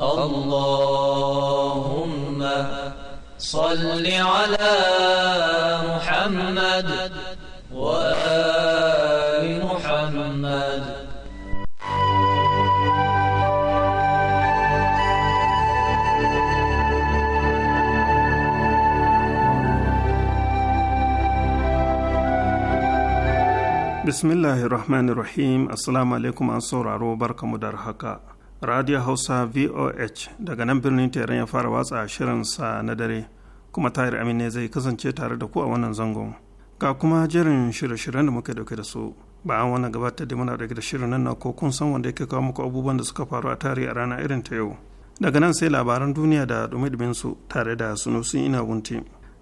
اللهم صل على محمد وآل محمد بسم الله الرحمن الرحيم السلام عليكم أنصر عرو بركة مدرهكا radio hausa voh daga nan birnin teran ya fara watsa shirinsa na dare kuma tahir amine zai kasance tare da ku a wannan zangon ga kuma jerin shirye-shiryen da muke dauke da su Ba an wannan gabatar da muna dauke da shirin nan na ko kun san wanda yake kawo muku abubuwan da suka faru a tare a rana irin ta yau daga nan sai labaran duniya da dumi su tare da sunusun ina wunti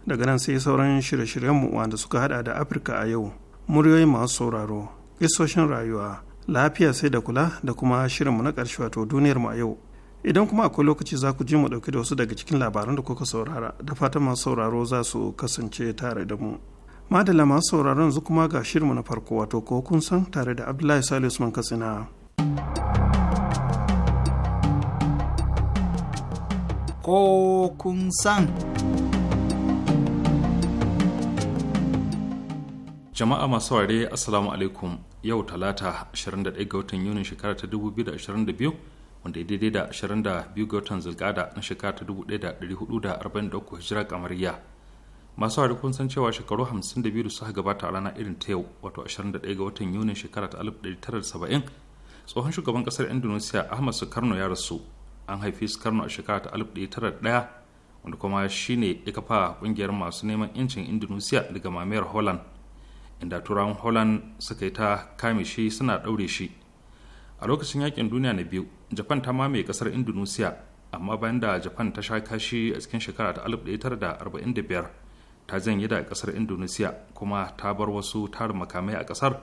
daga nan sai sauran shirye-shiryen mu wanda suka hada da afirka a yau muryoyi masu sauraro kisoshin rayuwa lafiya sai da kula da kuma shirinmu na ƙarshe wato duniyarmu a yau idan kuma akwai lokaci za ku ji mu ɗauki da wasu daga cikin labaran da kuka saurara da fatan masu sauraro za su kasance tare da mu madalla masu sauraron yanzu kuma ga shirinmu na farko wato ko kun san tare da abdullahi salisu usman katsina ko kun san jama'a masu ware assalamu alaikum yau talata 21 ga watan yunin shekara ta 2022 wanda ya daidai da 22 ga watan zulkada na shekara ta 1443 hijira kamariya masu hari kun san cewa shekaru 52 da suka gabata a rana irin ta yau wato 21 ga watan yunin shekara ta 1970 tsohon shugaban kasar indonesia ahmad sukarno ya rasu an haifi sukarno a shekara ta 1901 wanda kuma shine ya kafa kungiyar masu neman 'yancin indonesia daga mamayar holland inda turawan holland suka yi ta kame shi suna ɗaure shi a lokacin yakin duniya na biyu japan ta mamaye kasar indonesia amma bayan da japan ta sha kashi a cikin shekara ta 1945 ta janye da kasar indonesia kuma ta bar wasu tarin makamai a kasar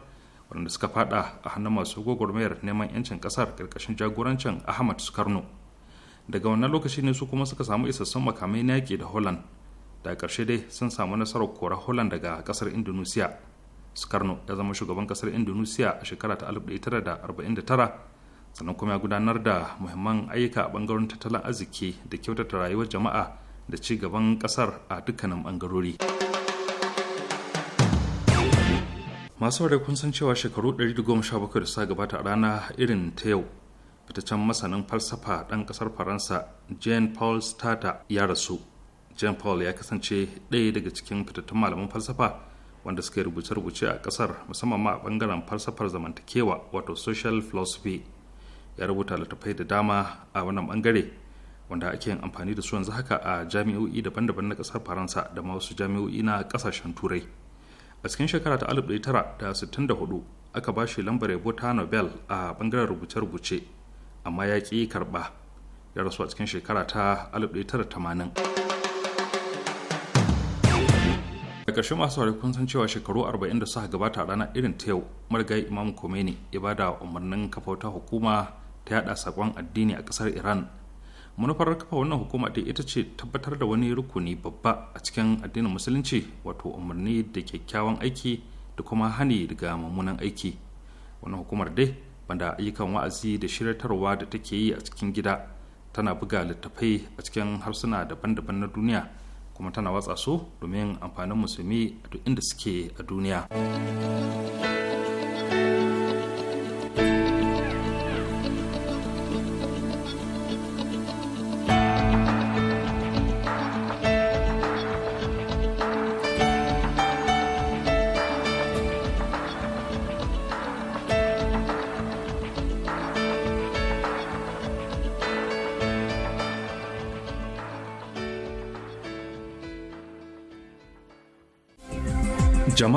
waɗanda suka fada a hannun masu gwagwarmayar neman yancin kasar karkashin jagorancin ahmad sukarno daga wannan lokaci ne su kuma suka samu isassun makamai na yaki da holland da ƙarshe dai sun samu nasarar kora holland daga kasar indonesia sukarno ya zama shugaban kasar indonesia a shekara ta 1949 sannan kuma ya gudanar da muhimman ayyuka a bangaren tattalin arziki da kyautata rayuwar jama'a da ci gaban kasar a dukkanin bangarori masu wadda kun san cewa shekaru 117 da suka gabata a rana irin ta yau fitaccen masanin falsafa ɗan ƙasar faransa jean paul stata ya rasu jean paul ya kasance ɗaya daga cikin fitattun malaman falsafa wanda suka yi rubuce-rubuce a kasar musamman ma a bangaren falsafar zamantakewa wato social philosophy ya rubuta littattafai da dama a wannan bangare wanda ake yin amfani da su yanzu haka a jami'o'i daban-daban na kasar faransa da ma wasu jami'o'i na kasashen turai a cikin shekara ta 1964 aka ba shi lambar yabo ta nobel a bangaren rubuce-rubuce amma ya ƙi karɓa ya rasu a cikin shekara ta 1980 da masu saurari kun san cewa shekaru 40 da suka gabata a ranar irin ta yau marigayi imam khomeini ya ba da umarnin kafa hukuma ta yada sakon addini a kasar iran manufar kafa wannan hukuma dai ita ce tabbatar da wani rukuni babba a cikin addinin musulunci wato umarni da kyakkyawan aiki da kuma hani daga mummunan aiki wannan hukumar dai banda ayyukan wa'azi da shiryatarwa da take yi a cikin gida tana buga littattafai a cikin harsuna daban-daban na duniya kuma tana watsa su domin amfanin musulmi a duk inda suke a duniya.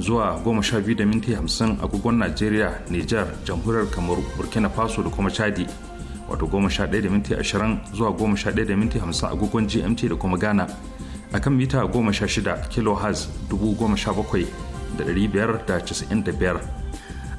zuwa biyu da minti agogon Najeriya, Nijar, Jamhuriyar Kamaru, Burkina Faso da kuma Chadi. Wato 11:20 da minti zuwa 11:50 da minti agogon GMT da kuma Ghana. A kan mita 16 kHz 17,595.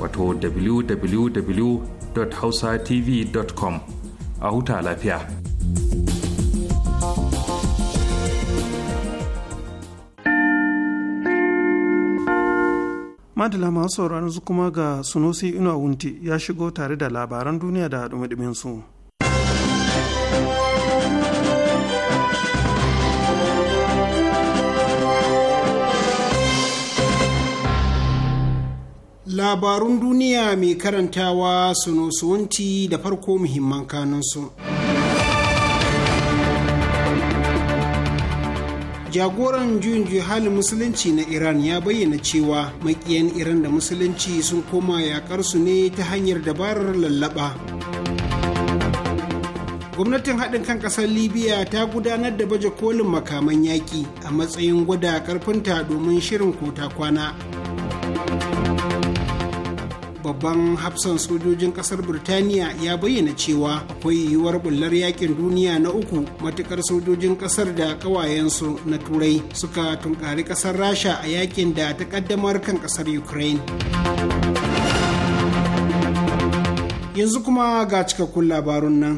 wato www.hausatv.com a huta lafiya. Madala masu sauraron su kuma ga Sunusi Inuwa Wunti ya shigo tare da labaran duniya da dumi su. Labarun duniya mai karantawa suwanti da farko muhimman kanunsu. jagoran juyin halin musulunci na iran ya bayyana cewa makiyan iran da musulunci sun koma yakar su ne ta hanyar dabarar lallaba gwamnatin haɗin kan ƙasar libya ta gudanar da baje kolin makaman yaƙi a matsayin gwada ƙarfinta domin shirin kota kwana babban hafsan sojojin kasar birtaniya ya bayyana cewa akwai yiwuwar bullar yakin duniya na uku matukar sojojin kasar da kawayensu na turai suka tunkari kasar rasha a yakin da ta kaddamar kan kasar ukraine yanzu kuma ga cikakkun labarun nan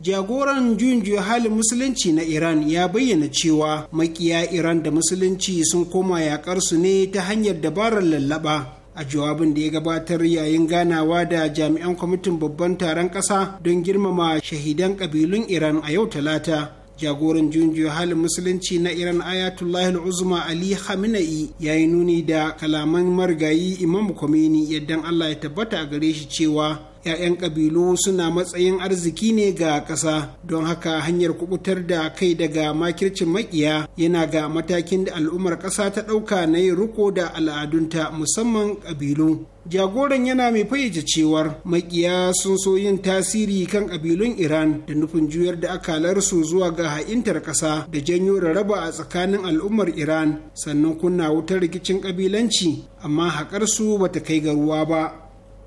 jagoran juyin halin musulunci na iran ya bayyana cewa makiya iran da musulunci sun koma yakar su ne ta hanyar dabarar lallaba a jawabin da ya gabatar yayin ganawa da jami'an kwamitin babban taron ƙasa don girmama shahidan ƙabilun iran a yau talata jagoran junjiyo halin musulunci na iran Al uzma ali khamenei ya yi nuni da kalaman marigayi imam khomeini yadda allah ya tabbata a gare shi cewa 'ya'yan ƙabilu suna matsayin arziki ne ga ƙasa don haka hanyar kubutar da kai daga makircin maƙiya yana ga matakin da al'ummar ƙasa ta ɗauka na yi riko da al'adunta musamman ƙabilu jagoran yana mai fayyace cewar makiya sun so yin tasiri kan ƙabilun iran da nufin juyar da akalarsu zuwa ga ha'intar ƙasa da janyo raraba a tsakanin al'ummar iran sannan kunna wutar rikicin ƙabilanci amma haƙarsu bata kai ga ruwa ba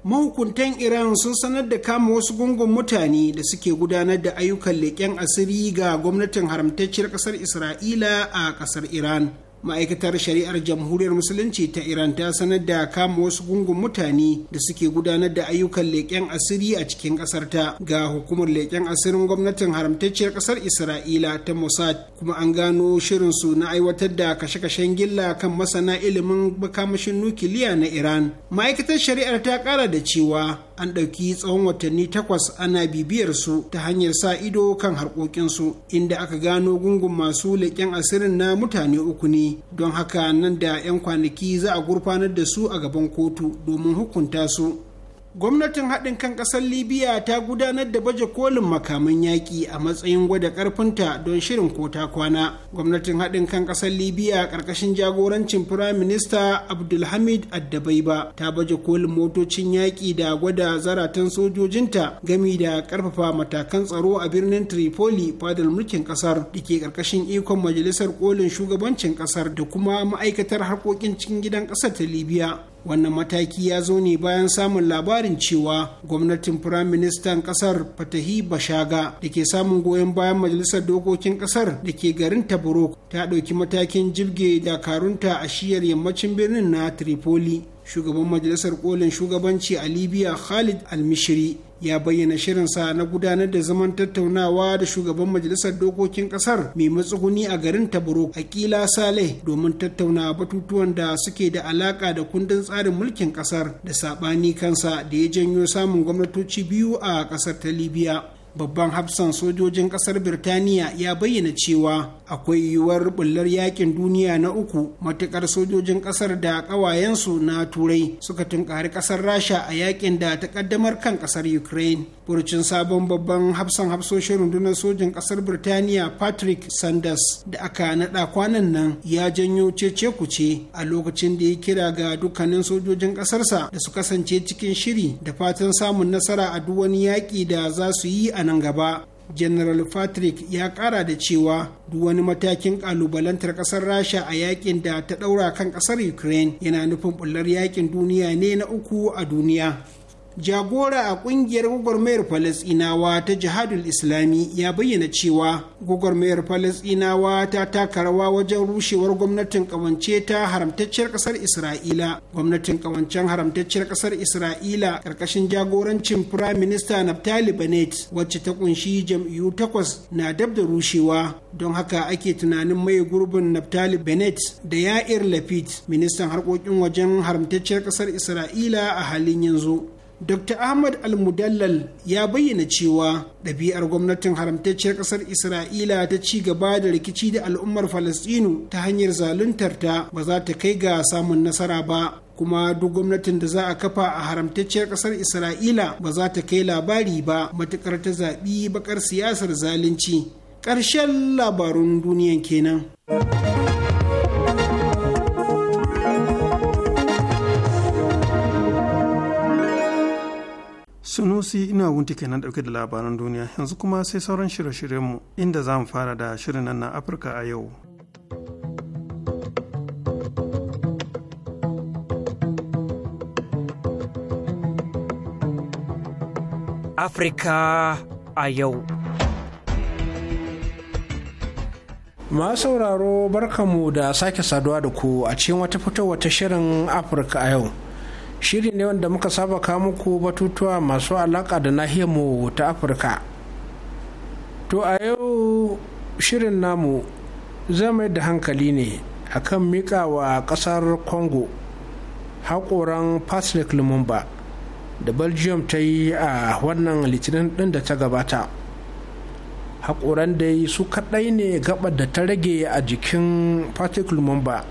mahukuntan iran sun sanar da kama wasu gungun mutane da suke gudanar da ayyukan leƙen asiri ga gwamnatin haramtacciyar ƙasar isra'ila a ƙasar iran ma'aikatar shari'ar jamhuriyar musulunci ta iran ta sanar da kama wasu gungun mutane da suke gudanar da ayyukan leƙen asiri a cikin ƙasarta, ga hukumar leƙen asirin gwamnatin haramtacciyar ƙasar isra'ila ta mossad kuma an gano shirin su na aiwatar da kashe-kashen gilla kan masana ilimin makamashin nukiliya na iran ma'aikatar shari'ar ta ƙara da cewa an ɗauki tsawon watanni takwas ana bibiyar su ta hanyar sa ido kan harkokinsu inda aka gano gungun masu leƙen asirin na mutane uku ne don haka nan da 'yan kwanaki za a gurfanar da su a gaban kotu domin hukunta su gwamnatin haɗin kan ƙasar libiya ta gudanar da baje kolin makaman yaƙi a matsayin gwada ƙarfinta don shirin ko ta kwana gwamnatin haɗin kan ƙasar libiya ƙarƙashin jagorancin firayim minista abdulhamid addabaiba ta baje kolin motocin yaƙi da gwada zaratan sojojinta gami da ƙarfafa matakan tsaro a birnin tripoli fadar mulkin ƙasar da ke ƙarƙashin ikon majalisar kolin shugabancin ƙasar da kuma ma'aikatar harkokin cikin gidan ƙasar ta libiya. wannan mataki ya zo ne bayan samun labarin cewa gwamnatin firaministan kasar fatahi bashaga da ke samun goyon bayan majalisar dokokin kasar da ke garin tabarok ta ɗauki matakin jibge dakarunta a shiyar yammacin birnin na tripoli shugaban majalisar kolin shugabanci a libya khalid almishiri ya bayyana shirinsa na gudanar da zaman tattaunawa da shugaban majalisar dokokin kasar mai matsuguni a garin a ƙila saleh domin tattauna batutuwan da suke da alaka da kundin tsarin mulkin kasar da sabani kansa da ya janyo samun gwamnatoci biyu a kasar ta libya babban hafsan sojojin kasar birtaniya ya bayyana cewa akwai yiwuwar bullar yakin duniya na uku matukar sojojin kasar da kawayensu na turai suka tunkari kasar rasha a yakin da ta kaddamar kan kasar ukraine furucin sabon babban hafsan hafsoshin rundunar sojin kasar birtaniya patrick sanders da aka naɗa kwanan nan ya janyo cece kuce a lokacin da ya kira ga dukkanin sojojin ƙasarsa da su kasance cikin shiri da fatan samun nasara a duk wani yaƙi da za su yi a nan gaba general patrick ya ƙara da cewa duk wani matakin kalubalantar ƙasar rasha a yaƙin da ta ɗaura kan ƙasar ukraine yana nufin bullar yaƙin duniya ne na uku a duniya jagora a kungiyar gwagwarmayar falasinawa ta jihadul islami ya bayyana cewa gwagwarmayar falasinawa ta taka rawa wajen rushewar gwamnatin kawance ta haramtacciyar kasar isra'ila gwamnatin kawancen haramtacciyar kasar isra'ila karkashin jagorancin prime minister naftali Benet, wacce ta kunshi jam'iyyu takwas na dab da rushewa don haka ake tunanin mai gurbin naftali Benet da ya'ir lapid ministan harkokin wajen haramtacciyar kasar isra'ila a halin yanzu Dr. Ahmad Al-Mudallal ya bayyana cewa ɗabi'ar gwamnatin haramtacciyar ƙasar Isra'ila ta ci gaba da rikici da al'ummar Falastinu ta hanyar zaluntarta ba za ta kai ga samun nasara ba. kuma duk gwamnatin da za a kafa a haramtacciyar ƙasar isra'ila ba za ta kai labari ba matuƙar ta zaɓi bakar siyasar zalunci ƙarshen labarun duniyan kenan. Sunusi ina wunti kenan dauke da labaran duniya yanzu kuma sai sauran shirye-shiryenmu inda za mu fara da shirin nan na Afirka a yau. Afirka a yau. Ma sauraro barkanmu da sake saduwa da ku a cikin wata fitowa ta shirin Afirka a yau. shiri ne wanda muka saba kawo muku batutuwa masu alaka da nahiyarmu ta afirka to a yau shirin namu zai mai da hankali ne akan mika wa kasar congo haƙoran patrick lumumba da belgium ta yi a wannan litinin ɗin da ta gabata haƙoran dai su kaɗai ne gaba da ta rage a jikin patrick lumumba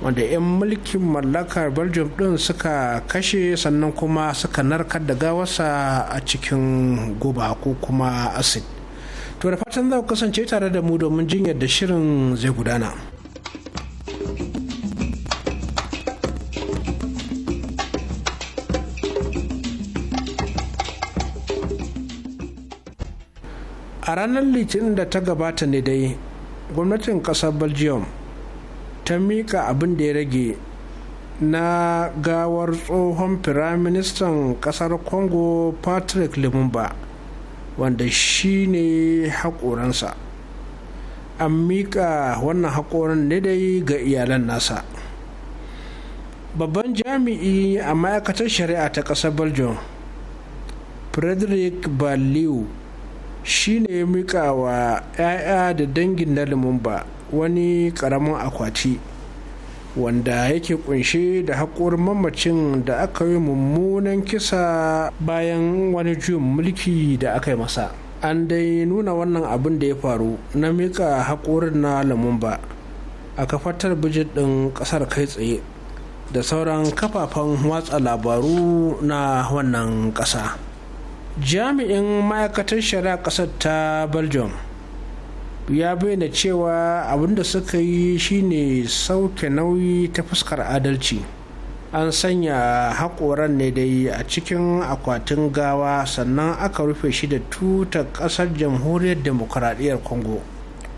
wanda 'yan mulkin mallakar belgium din suka kashe sannan kuma suka narkar da gawarsa a cikin guba ko kuma acid to da fatan za ku kasance tare da mu domin jin yadda shirin zai gudana a ranar litinin da ta gabata ne dai gwamnatin kasar belgium ta mika abin da ya rage na gawar tsohon firaministan kasar congo patrick lumumba wanda shi ne haƙoransa an mika wannan haƙoran ne dai ga iyalan nasa babban jami'i a ma'aikatar shari'a ta ƙasar belgium frederick baliu shi ne ya mika wa 'ya'ya da dangin na lumumba wani ƙaramin akwati wanda yake kunshe da haƙorin mamacin da aka yi mummunan kisa bayan wani juyin mulki da aka yi masa an dai nuna wannan abin da ya faru na mika haƙorin na lamumba a kafatar bijir ɗin ƙasar kai tsaye da sauran kafafen watsa labaru na wannan ƙasa jami'in ma'aikatar shari'a ƙasar ta belgium ya bayyana cewa abinda suka yi shine sauke nauyi ta fuskar adalci an sanya haƙoran ne dai a cikin akwatin gawa sannan aka rufe shi da tutar ƙasar jamhuriyar demokuraɗiyyar congo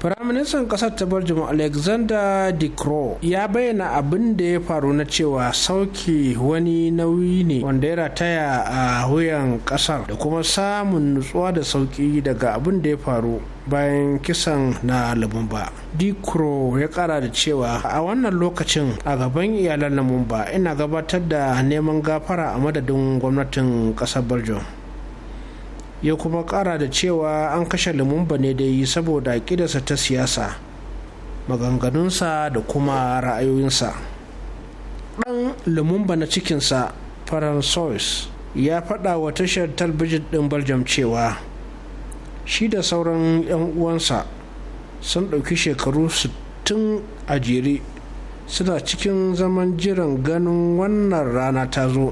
Firaministan ƙasar ta Belgium Alexander De Croo ya bayyana abin da ya faru na cewa sauke wani nauyi ne wanda ya rataya a wuyan ƙasar da kuma samun nutsuwa da sauki daga abin da ya faru bayan kisan na Lumumba. Dikro ya kara da cewa a wannan lokacin a gaban iyalan Lumumba ina gabatar da neman gafara a madadin gwamnatin ƙasar Belgium. ya kuma kara da cewa an kashe lumumba ne da yi saboda ƙidasa ta siyasa maganganunsa da kuma ra'ayoyinsa ɗan lumumba na cikinsa faransois ya faɗa wa tashar talbijin ɗin belgium cewa shi da sauran 'yan uwansa sun ɗauki shekaru 60 a jere suna cikin zaman jiran ganin wannan rana ta zo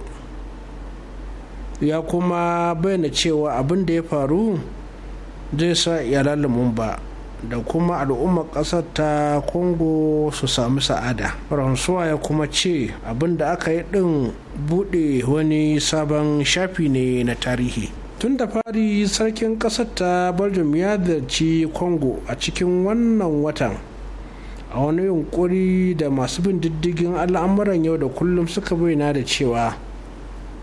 ya kuma bayyana cewa abin da ya faru zai sa iyalan lumumba da kuma al'ummar ƙasar ta congo su sami sa'ada ransuwa ya kuma ce abin da aka yi ɗin buɗe wani sabon shafi ne na tarihi tun da fari sarkin ƙasar ta belgium ya zarci congo a cikin wannan watan a wani yunkuri da masu bin diddigin al'amuran yau da kullum suka bayyana da cewa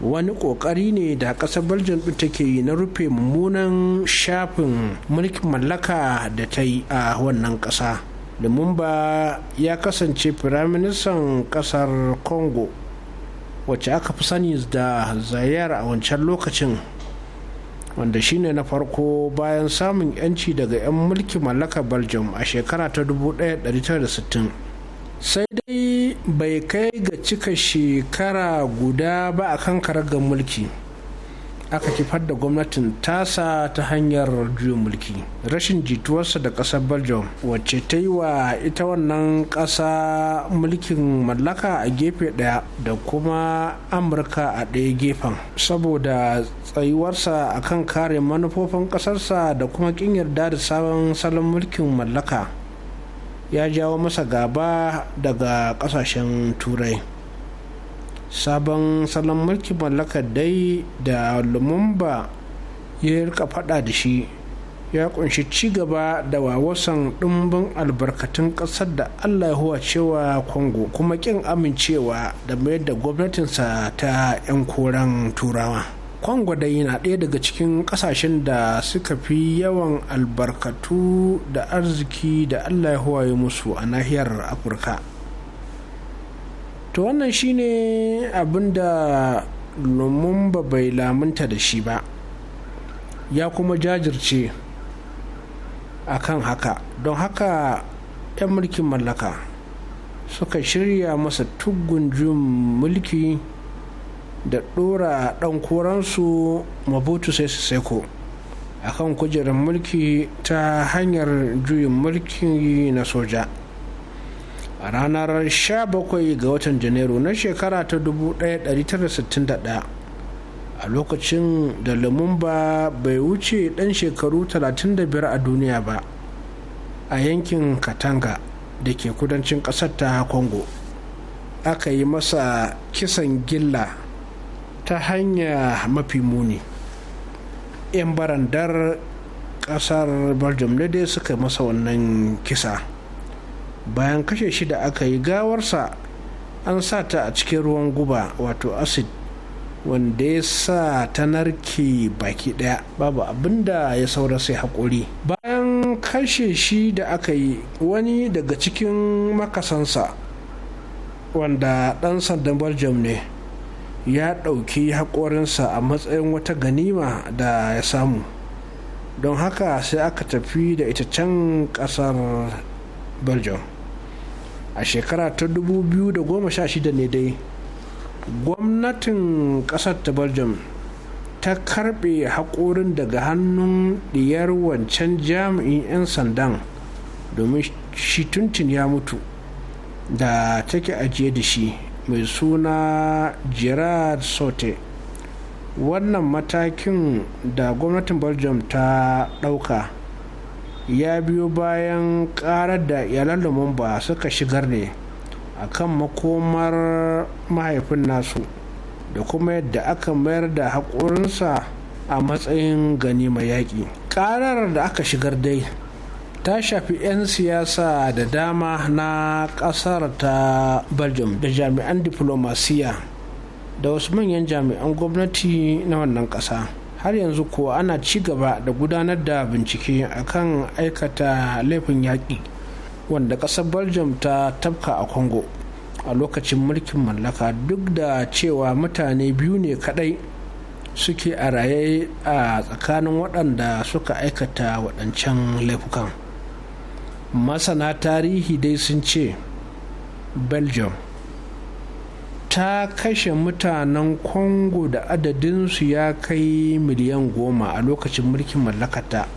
wani kokari ne da kasar belgium ɗin take yi na rufe mummunan shafin mulkin mallaka da ta yi a wannan ƙasa lumumba ya kasance firaministan ƙasar congo wacce aka fi sani da zayar a wancan lokacin wanda shine na farko bayan samun yanci daga 'yan mulkin mallaka belgium a shekara ta 1960 sai dai bai kai ga cika shekara guda ba a kan ga mulki aka kifar da gwamnatin tasa ta hanyar juyin mulki rashin jituwarsa da ƙasar belgium wacce ta yi wa ita wannan ƙasa mulkin mallaka a gefe ɗaya da kuma amurka a ɗaya gefen saboda tsayuwarsa akan kare manufofin ƙasarsa da kuma ƙin yarda da sabon salon mulkin mallaka ya jawo masa gaba daga kasashen turai sabon salon mulki mallaka dai da lumumba ya rika fada da shi ya kunshi ci gaba da wawasan ɗumbin albarkatun ƙasar da allah huwa cewa congo kuma ƙin amincewa da mayar da gwamnatinsa ta 'yan koren turawa kwango dai na ɗaya daga cikin ƙasashen da suka fi yawan albarkatu da arziki da allah ya huwaye musu a nahiyar afirka to wannan shine abin da lumumba bai lamunta da shi ba ya kuma jajirce a kan haka don haka 'yan mulkin mallaka suka shirya masa tugun jin mulki da ɗora ɗan koransu mabutu sai su seko a kan kujerar mulki ta hanyar juyin mulki na soja a ranar 17 ga watan janairu na shekara ta 1961 a lokacin da lumumba bai wuce ɗan shekaru 35 a duniya ba a yankin katanga da ke kudancin ƙasar ta congo aka yi masa kisan gilla ta hanya mafi muni 'yan barandar kasar belgium ne dai suka masa wannan kisa bayan kashe shi da aka yi gawarsa an sa ta a cikin ruwan guba wato acid wanda ya sa ta narke baki daya babu abinda ya saura sai haƙuri bayan kashe shi da aka yi wani daga cikin makasansa wanda ɗan sandan belgium ne ya ɗauki haƙorinsa a matsayin wata ganima da ya samu don haka sai aka tafi da ita can ƙasar belgium a shekara ta 2016 ne dai gwamnatin ƙasar ta belgium ta karɓe haƙorin daga hannun ɗiyar wancan jami'in 'yan sandan domin shi tuntun ya mutu da take ajiye da shi mai suna gerard sote wannan matakin da gwamnatin belgium ta ɗauka ya biyo bayan ƙarar da iyalan lumumba suka shigar ne a kan makomar mahaifin nasu da kuma yadda aka mayar da haƙurinsa a matsayin gani mai yaƙi ƙarar da aka shigar dai ta shafi 'yan siyasa da dama na kasar ta belgium da jami'an diplomasiya da wasu manyan jami'an gwamnati na wannan kasa har yanzu kuwa ana ci gaba da gudanar da bincike akan aikata laifin yaƙi wanda ƙasar belgium ta tafka a congo a lokacin mulkin mallaka duk da cewa mutane biyu ne kadai suke a raye a tsakanin waɗanda suka aikata waɗancan laifukan. masana tarihi dai sun ce belgium ta kashe mutanen congo da adadinsu ya kai miliyan goma a lokacin mulkin mallakata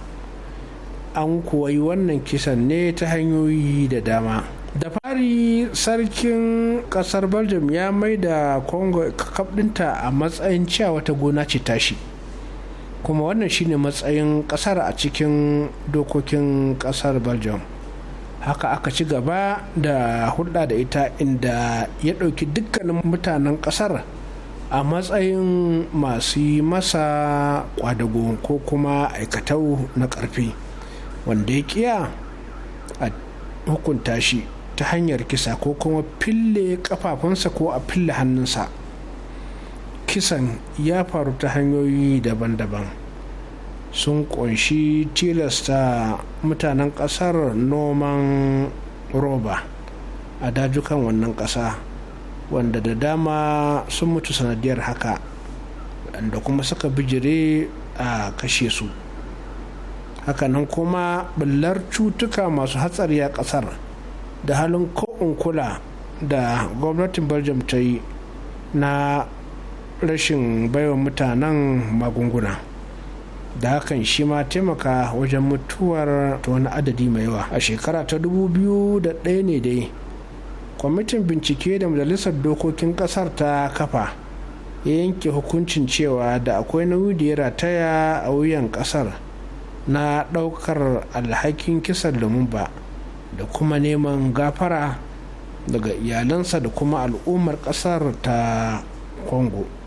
an kuwa yi wannan kisan ne ta hanyoyi da dama da fari sarkin kasar belgium ya mai da congo kakabdinta a matsayin cewa wata gona ce tashi kuma wannan shine matsayin kasar a cikin dokokin kasar belgium haka aka ci gaba da hulɗa da ita inda ya ɗauki dukkanin mutanen ƙasar a matsayin masu yi masa kwadago ko kuma aikatau na ƙarfi wanda ya ƙiya a hukunta shi ta hanyar kisa ko kuma fille kafafunsa ko a fille hannunsa kisan ya faru ta hanyoyi daban-daban sun ƙunshi tilasta mutanen ƙasar noman roba a dajukan wannan ƙasa wanda da dama sun mutu sanadiyar haka da kuma suka bijire a kashe su hakanan kuma bullar cutuka masu hatsari a kasar da halin ko'in kula da gwamnatin belgium ta yi na rashin baiwa mutanen magunguna da hakan shi ma taimaka wajen mutuwar ta wani adadi mai yawa a shekara ta dubu biyu da ɗaya ne dai kwamitin bincike da majalisar dokokin ƙasar ta kafa ya yanke hukuncin cewa da akwai nauyi da ya rataya a wuyan ƙasar na ɗaukar alhakin kisan lumumba da kuma neman gafara daga iyalansa da kuma al'ummar ƙasar ta kongo.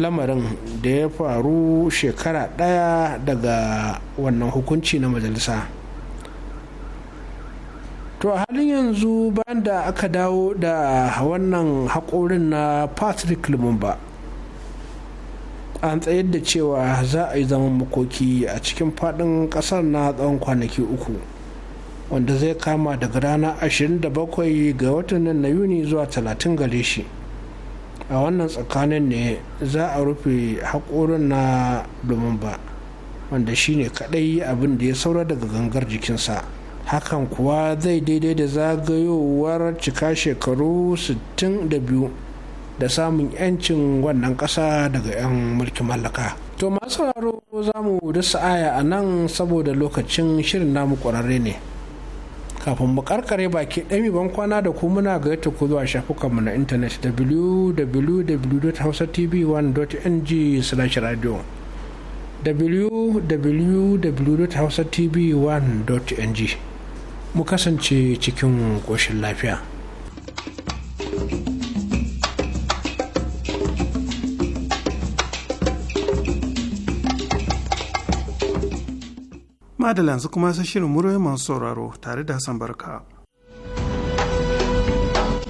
lamarin da ya faru shekara ɗaya daga wannan hukunci na majalisa to a halin yanzu bayan da aka dawo da wannan haƙorin na patrick lumumba an tsayar da cewa za a yi zaman makoki a cikin faɗin ƙasar na tsawon kwanaki uku wanda zai kama daga rana 27 ga watan nan na yuni zuwa 30 gare shi a wannan tsakanin ne za a rufe haƙorin na domin ba wanda shine kaɗai abin da ya saura daga gangar jikinsa hakan kuwa zai daidai da zagayowar cika shekaru 62 da samun 'yancin wannan ƙasa daga 'yan mulkin mallaka to masu sauraro za mu da sa'aya a nan saboda lokacin shirin namu ƙwararre ne kafin mu karkare baki ɗami ban kwana da ku muna ga yadda ku zuwa shafukanmu na intanet www.hausatv1.ng slash radio www.hausatv1.ng mu kasance cikin ƙoshin lafiya. madala yanzu kuma sai shirin muryoyin masu sauraro tare da hassan barka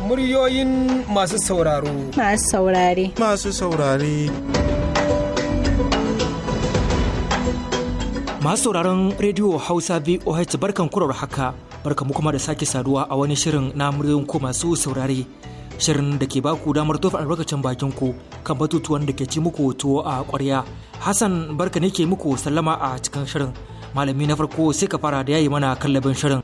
muryoyin masu sauraro masu saurare masu saurare masu sauraron rediyo hausa voh barkan kurar haka barka mu kuma da sake saduwa a wani shirin na muryoyin ko masu saurare shirin da ke baku damar tofa albarkacin bakin ku kan batutuwan da ke ci muku tuwo a kwarya hassan barka ne ke muku sallama a cikin shirin malami na farko sai ka fara da yayi mana kallabin shirin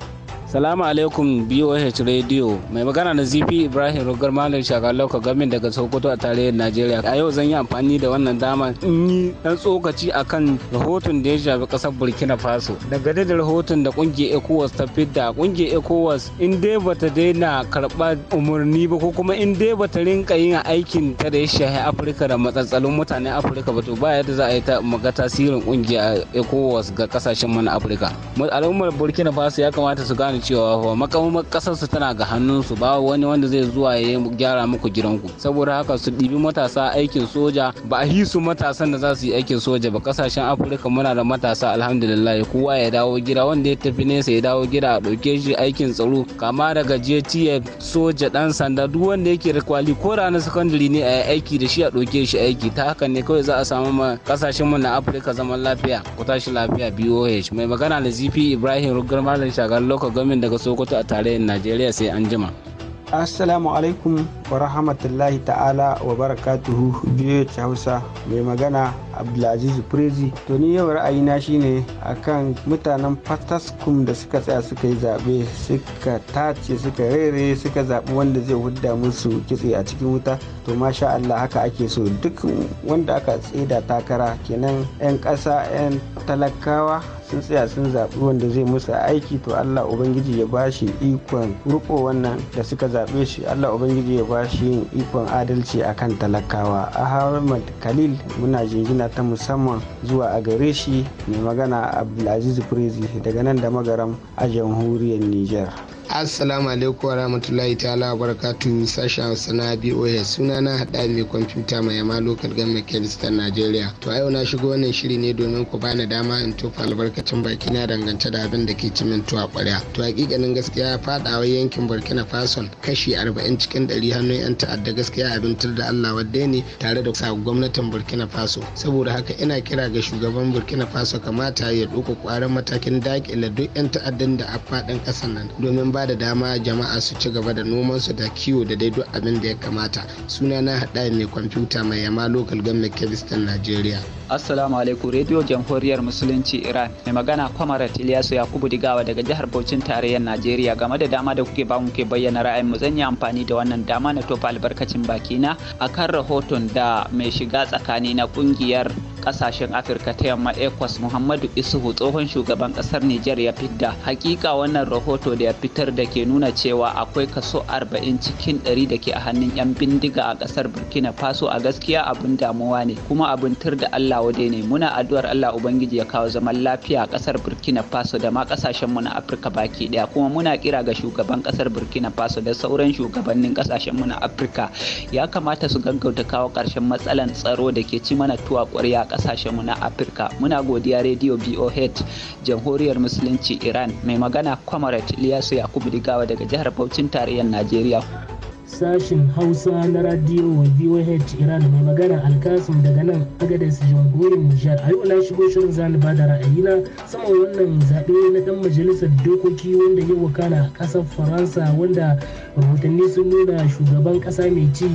Salamu alaikum BOH Radio mai magana na ZP Ibrahim Rugar Malam Shagalau ka gamin daga Sokoto a tarayyar Najeriya. A yau zan yi amfani da wannan dama in yi dan tsokaci akan rahoton da ya shafi kasar Burkina Faso. daga da rahoton da kungiyar ECOWAS ta fidda kungiyar ECOWAS in dai bata daina karɓar umarni ba ko kuma in dai bata rinka yin aikin ta da ya shafi Afirka da matsatsalun mutanen Afirka ba to ba yadda za a yi ta maga tasirin kungiyar ECOWAS ga kasashen mana Afirka. Al'ummar Burkina Faso ya kamata su gane gane cewa wa kasar kasarsu tana ga hannunsu ba wani wanda zai zuwa ya gyara muku gidanku saboda haka su ɗibi matasa aikin soja ba a hi su matasan da za su yi aikin soja ba kasashen afirka muna da matasa alhamdulillah kowa ya dawo gida wanda ya tafi nesa ya dawo gida a ɗauke shi aikin tsaro kama daga jtf soja ɗan sanda duk wanda yake da kwali ko ranar sakandare ne a aiki da shi a ɗauke shi aiki ta haka ne kawai za a samu ma kasashenmu na afirka zaman lafiya ku tashi lafiya boh mai magana da zp ibrahim rugar malam shagar lokacin Lamin daga Sokoto a tarayyar Najeriya sai an jima. Assalamu alaikum wa rahmatullahi ta'ala wa barakatuhu biyu Hausa mai magana Abdulaziz Prezi. To ni yau ra'ayina shine akan mutanen Fataskum da suka tsaya suka yi zaɓe suka tace suka rere suka zaɓi wanda zai hudda musu kitse a cikin wuta. To masha Allah haka ake so duk wanda aka tseda takara kenan 'yan ƙasa 'yan talakawa sun tsaya sun zaɓi wanda zai musu aiki to Allah Ubangiji ya bashi ikon riko wannan da suka zaɓe shi Allah Ubangiji ya bashi yin ikon adalci akan talakawa Ahmad Khalil muna jinjina ta musamman zuwa a gare shi mai magana Abdulaziz Prezi daga nan da magaram a jamhuriyar Nijar. Assalamu alaikum wa rahmatullahi ta'ala wa barakatu sashen Hausa na BOA suna na hada mai kwamfuta mai yama lokal gamma Najeriya. To yau na shigo wannan shiri ne domin ku bani dama in tofa albarkacin baki na dangance da abin da ke cimin tuwa kwarya To hakikanin gaskiya faɗawa yankin Burkina Faso kashi arba'in cikin 100 hannun 'yan ta'adda gaskiya abin tur da Allah Wadda ne tare da sa gwamnatin Burkina Faso. Saboda haka ina kira ga shugaban Burkina Faso kamata ya ɗauka ƙwarin matakin daƙile duk 'yan ta'addan da a faɗin ƙasar nan domin ba da dama jama'a su ci gaba da noman su da kiwo da dai duk abin da ya kamata suna na hada mai kwamfuta mai yama lokal government kevistan nigeria assalamu alaikum radio jamhuriyar musulunci iran mai magana kwamarat ilyasu yakubu digawa daga jihar bauchin tarayyar nigeria game da dama da kuke bamu ke bayyana ra'ayin mu zan yi amfani da wannan dama na tofa albarkacin baki na akan rahoton da mai shiga tsakani na kungiyar kasashen afirka ta yamma ecos muhammadu isuhu tsohon shugaban kasar nijar ya fidda hakika wannan rahoto da ya fitar da ke nuna cewa akwai kaso 40 cikin 100 da ke a hannun yan bindiga a kasar burkina faso a gaskiya abun damuwa ne kuma abun tur da allah wade ne muna addu'ar allah ubangiji ya kawo zaman lafiya a kasar burkina faso da ma kasashen mu na afirka baki daya kuma muna kira ga shugaban kasar burkina faso da sauran shugabannin kasashen mu na afirka ya kamata su gaggauta kawo karshen matsalan tsaro da ke ci mana tuwa kwarya mu na afirka muna godiya radio boh jamhuriyar musulunci iran mai magana comrade liyasu yakubu digawa daga jihar bauchin tarayyar najeriya sashen hausa na radio voh iran mai magana alkasim daga nan agadis jamhuriyar nijar a yau na shigo shirin zani ba da ra'ayina sama wannan zaɓe na ɗan majalisar dokoki wanda ya wakana a ƙasar faransa wanda rahotanni sun nuna shugaban ƙasa mai ci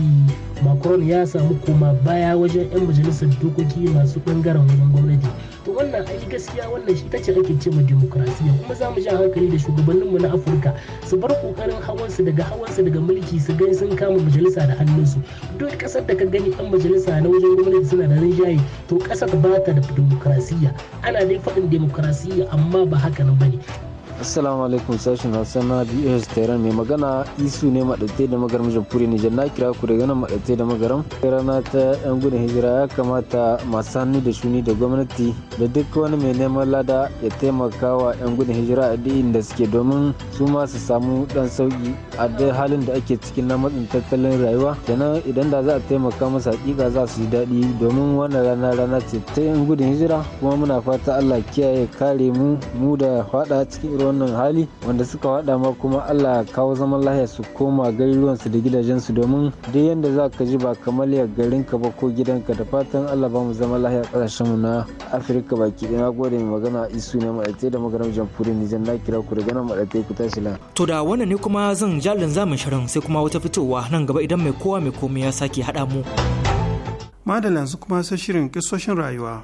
macron ya samu koma baya wajen 'yan majalisar dokoki masu ɓangaren wajen gwamnati to wannan ai gaskiya wannan ita ce ake ce ma demokrasiya kuma za mu ja hankali da shugabanninmu na afirka su bar kokarin hawansu daga hawansu daga mulki su gani sun kama majalisa da hannunsu duk kasar da ka gani yan majalisa na wajen gwamnati suna da rinjaye to kasar ba ta da demokrasiya ana dai faɗin demokrasiya amma ba haka nan bane assalamu alaikum sashen hassan na bs tehran mai magana isu ne madatai da magarin jamhuriyar nijar na kira ku daga nan madatai da magaram rana ta yan gudun hijira ya kamata masu hannu da shuni da gwamnati da duk wani mai neman lada ya taimaka wa yan gudun hijira a duk da suke domin su ma su samu dan sauki a dai halin da ake cikin na matsin tattalin rayuwa kenan idan da za a taimaka masa hakika za su ji daɗi domin wannan rana rana ce ta yan gudun hijira kuma muna fata allah kiyaye kare mu mu da faɗa cikin irin wannan hali wanda suka hada ma kuma allah ya kawo zaman lahiya su koma garuruwansu da gidajen su domin duk yadda za ka ji ba kamar ya ka ba ko gidanka da fatan allah ba mu zaman lahiya mu na afirka baki ɗaya gode mai magana isu ne maɗaitai da magaram jamhuriyar nijar na kira ku da nan maɗaitai ku tashi la. to da wannan ne kuma zan jalin zamin shirin sai kuma wata fitowa nan gaba idan mai kowa mai komai ya sake haɗa mu. madalla yanzu kuma sai shirin kisoshin rayuwa.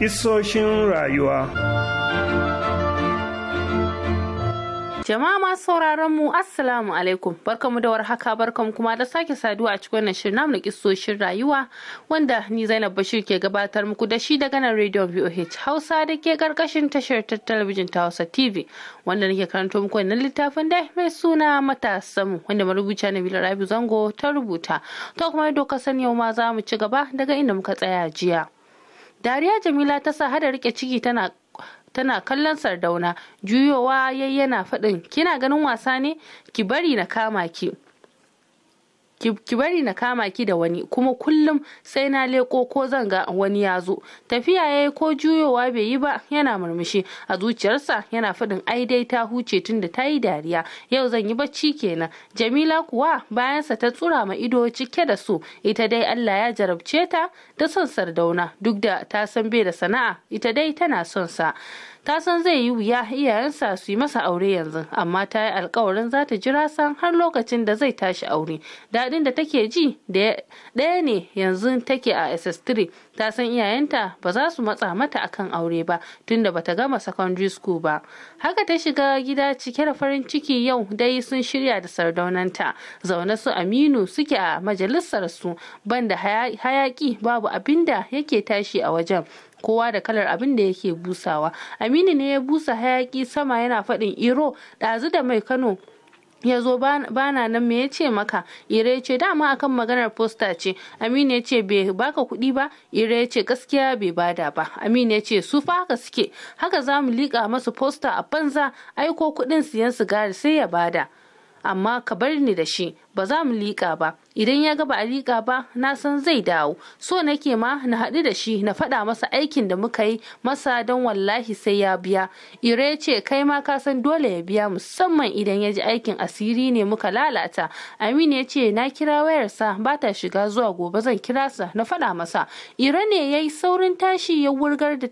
Isoshin rayuwa. Jama'a masu sauraron mu Assalamu alaikum barkamu da warhaka barkamu kuma da sake saduwa a cikin wannan shirin namu na kisoshin rayuwa wanda ni Zainab Bashir ke gabatar muku da shi daga nan Radio VOH Hausa da ke karkashin tashar talabijin ta Hausa TV wanda nake karanto muku wannan littafin da mai suna Matasamu wanda marubuciya Nabila Rabi Zango ta rubuta to kuma yadda ka sani yau ma za mu ci gaba daga inda muka tsaya jiya. dariya jamila ta sa hada rike ciki tana tana kallon sardauna juyowa yayi yana faɗin kina ganin wasa ne ki bari na kama ki ki bari na kama ki da wani kuma kullum sai na leko ko zan ga wani ya zo tafiya ya yi ko juyowa bai yi ba yana murmushi a zuciyarsa yana faɗin ai dai ta huce tun da ta yi dariya yau zan yi bacci kenan jamila kuwa bayansa ta tsura ma ido cike da su ita dai allah ya jarabce ta da son sardauna duk da ta san bai da sana'a ita dai tana son sa ta san zai yi wuya iyayensa su yi masa aure yanzu amma ta yi alkawarin za ta jira san har lokacin da zai tashi aure daɗin da take ji ɗaya ne yanzu take a ss3 ta san iyayenta ba za su matsa mata akan aure ba tunda bata gama secondary school ba haka ta shiga gida cike da farin ciki yau dai sun shirya da sardaunanta zaune su aminu suke a majalisar su banda hayaki babu abin da yake tashi a wajen kowa da kalar abin da yake busawa aminu ne ya busa hayaki sama yana faɗin iro ɗazu da mai kano ya zo bana nan me ya ce maka ire ya ce dama akan maganar posta ce aminu ya ce bai baka kuɗi ba ire ya ce gaskiya bai bada ba aminu ya ce su fa haka suke haka za mu liƙa masu posta a banza aiko kuɗin siyan sigari sai ya bada amma ka bar ni da shi ba za mu liƙa ba idan ya ga ba a liƙa ba na san zai dawo so nake ma na haɗu da shi na faɗa masa aikin da muka yi masa don wallahi sai ya biya ire ce kai ma ka san dole ya biya musamman idan ya ji aikin asiri ne muka lalata amin ya ce na kira wayarsa ba ta shiga zuwa gobe zan kira sa na faɗa masa ire ne ya yi saurin tashi ya wurgar da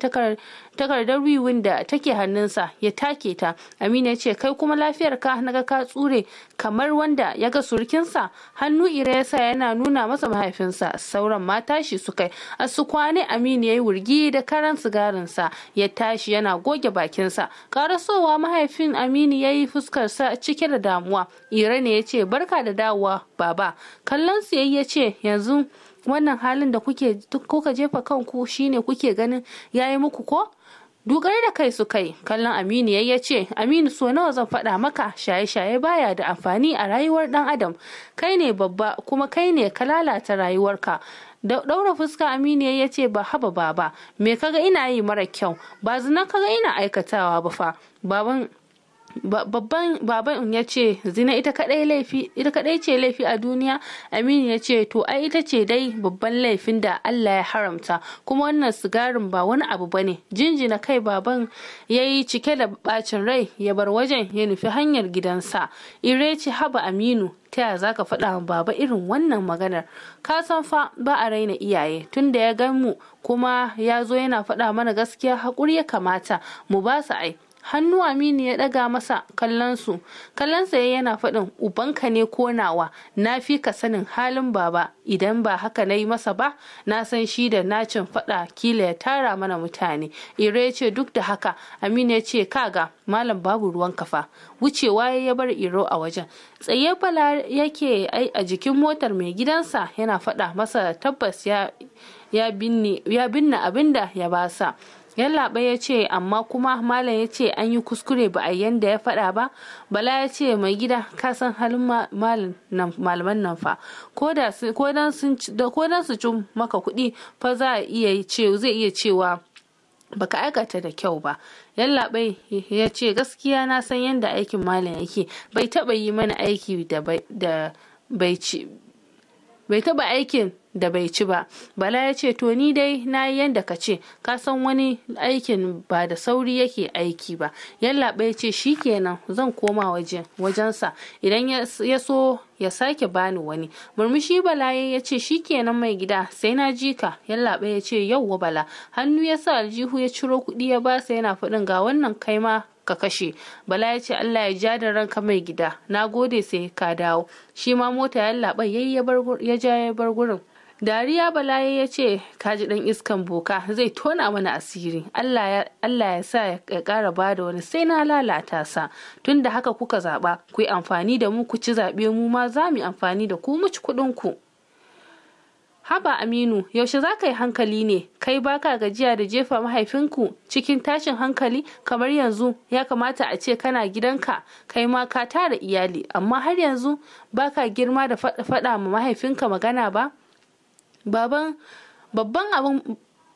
takardar wiwin da take hannunsa ya take ta ya ce kai kuma lafiyarka naga ka tsure kamar wanda ya ga surukinsa hannu ire ya sa yana nuna masa mahaifinsa sauran ma tashi su kai a su kwane aminu ya yi wurgi da karan sigarinsa ya tashi yana goge bakinsa karasowa mahaifin aminu ya yi fuskarsa cike da damuwa ire ne ya ce barka da dawowa baba kallon su ya ce yanzu wannan halin da kuka jefa kanku shine kuke ganin yi muku ko dogar da kai su kai kallon aminu ya ce aminu so nawa zan faɗa maka shaye-shaye baya da amfani a rayuwar ɗan adam kai ne babba kuma kai ne ka lalata rayuwarka Da daura fuska aminu ya ce ba haba ba. me kaga ina yi mara kyau ba zina kaga ina aikatawa ba fa baban babban baban ya ce zina ita kadai ce laifi a duniya aminu ya ce to ai ita ce dai babban laifin da allah ya haramta kuma wannan sigarin ba wani abu bane jinjina kai baban ya yi cike da bacin rai ya bar wajen ya nufi hanyar gidansa ire ce haba aminu ta za ka faɗa wa baba irin wannan maganar ka san fa ba a raina iyaye tun da ya gan mu kuma ya zo yana faɗa mana gaskiya haƙuri ya kamata mu ba su ai hannu aminu ya ɗaga masa kallonsu kallonsa ya yana faɗin ubanka ne ko nawa na fi ka sanin halin baba idan ba haka na yi masa ba na san shi da nacin faɗa kila ya tara mana mutane ire ya ce duk da haka aminu ya ce kaga malam babu ruwan kafa wucewa ya bar iro a wajen tsaye bala yake a jikin motar mai gidansa yana faɗa masa tabbas ya binne abinda ya basa yallaɓa ya ce amma kuma malam ya ce an yi kuskure ba a yanda ya faɗa ba bala ya ce mai gida ka san halin malaman nan fa ko dan su cin maka kuɗi fa za a iya ce zai iya cewa baka aikata da kyau ba yallaɓai ya ce gaskiya na san yadda aikin malam yake bai taɓa yi mana aiki da bai ci bai taɓa aikin da bai ci ba bala ya ce to ni dai na yi yadda ka ce ka san wani aikin ba da sauri yake aiki ba yallaɓa ya ce shi kenan zan koma waje wajensa idan ya so ya sake bani wani murmushi bala ya ce shi kenan mai gida sai na ji ka yallaɓa ya ce yauwa bala hannu ya sa aljihu ya ciro kuɗi ya ba basa yana faɗin ga wannan ma ka kashe bala ya ce allah ya ja da ranka mai gida na gode sai ka dawo shi ma mota ya yayi ya ja ya bar gurin dariya balaye ya ce kaji dan iskan boka zai tona mana asiri allah ya sa ya kara ba da wani sai na lalata sa tunda haka kuka zaba ku yi amfani da mu ku ci zaɓe mu ma za mu yi amfani da ku mu ci kuɗin ku haba aminu yaushe za ka yi hankali ne kai baka gajiya da jefa mahaifinku cikin tashin hankali kamar yanzu ya kamata a ce kana gidanka kai ma ka tara iyali amma har yanzu baka girma da faɗa ma mahaifinka magana ba baban babban abin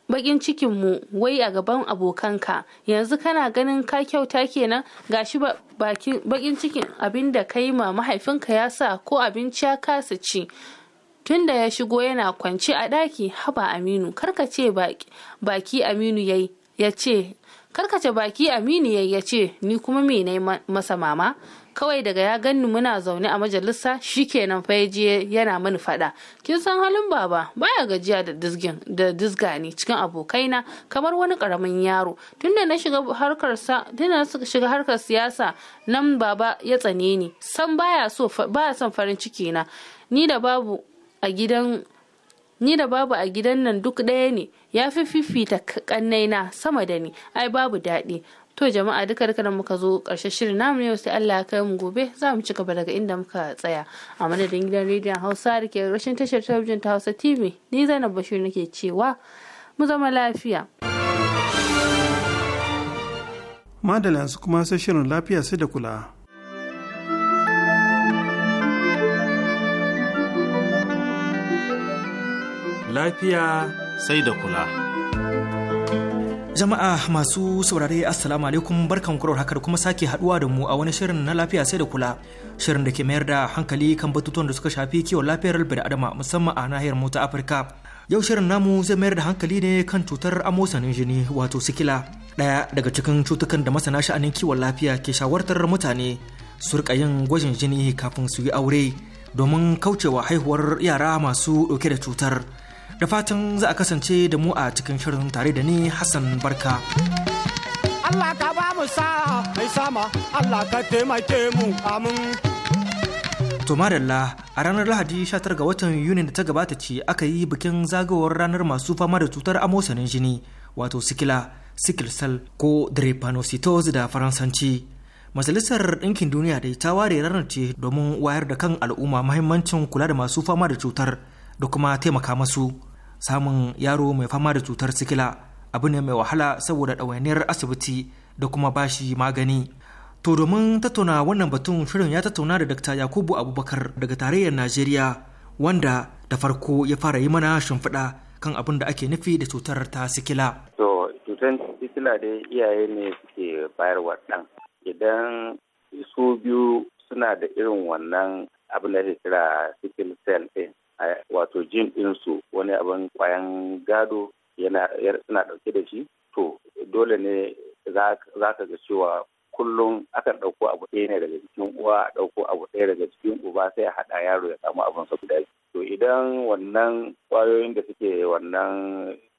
bakin cikin mu wai a gaban abokanka yanzu kana ganin ka kyauta kenan gashi bakin cikin abin da ka yi ma mahaifinka ya sa ko abinci ya kasa ci tun da ya shigo yana kwance a ɗaki haba aminu karkace baki baki aminu yayi ya ce karkace baki aminu yayi ya ce ni kuma me na masa mama kawai daga ya ganni muna zaune a majalisa shi shikenan fa je yana mani fada kin san halin baba baya gajiya da dizgin da dizgani cikin abokaina kamar wani karamin yaro tunda na shiga harkar sa tunda na shiga harkar siyasa nan baba ya tsane ni san baya so baya son farin ciki na ni da babu a gidan ni da babu a gidan nan duk ɗaya ne ya fi fifita na sama da ni ai babu daɗi To jama'a duka da da muka zo karshen shirin namu yau sai Allah ya kai mu gobe za mu ci gaba daga inda muka tsaya a madadin gidan rediyon Hausa da ke rashin tashar talabijin ta Hausa TV ni Zainab Bashir nake cewa mu zama lafiya. Madalla yanzu kuma sai shirin lafiya sai da kula. Lafiya sai da kula. Jama'a masu saurare Assalamu alaikum barkan kurar hakar kuma sake haduwa da mu a wani shirin na lafiya sai da kula. Shirin da ke mayar da hankali kan batutuwan da suka shafi kiwon lafiyar bil adama musamman a nahiyar mota ta Afirka. Yau shirin namu zai mayar da hankali ne kan cutar amosanin jini wato sikila. Daya daga cikin cutukan da masana sha'anin kiwon lafiya ke shawartar mutane su rika yin gwajin jini kafin su yi aure domin kaucewa haihuwar yara masu dauke da cutar. da fatan za a kasance da mu a cikin shirin tare da ni Hassan Barka. Allah ka ba mu sa mai sama Allah ka taimake mu amin. To a ranar Lahadi 19 ga watan Yuni da ta gabata ce aka yi bikin zagawar ranar masu fama da cutar amosanin jini wato sikila, sickle cell ko drepanocytosis da faransanci. Majalisar Ɗinkin Duniya dai ta ware ranar ce domin wayar da kan al'umma mahimmancin kula da masu fama da cutar da kuma taimaka masu. samun yaro mai fama da cutar sikila abu ne mai wahala saboda ɗawainiyar asibiti da kuma bashi magani to domin tattauna wannan batun shirin ya tattauna da dr yakubu abubakar daga tarayyar najeriya wanda da farko ya fara yi mana shimfiɗa kan abin da ake nufi da cutar ta sikila to cutar sikila dai iyaye ne suke bayarwa ɗan idan su biyu suna da irin wannan abin da kira sikil cell ɗin wato jin ɗinsu wani abin kwayan gado yana ɗauke da shi to dole ne za ka ga cewa kullum akan ɗauko abu ɗaya ne daga jikin uwa a ɗauko abu ɗaya daga jikin uba sai a haɗa yaro ya samu abin sa guda to idan wannan kwayoyin da suke wannan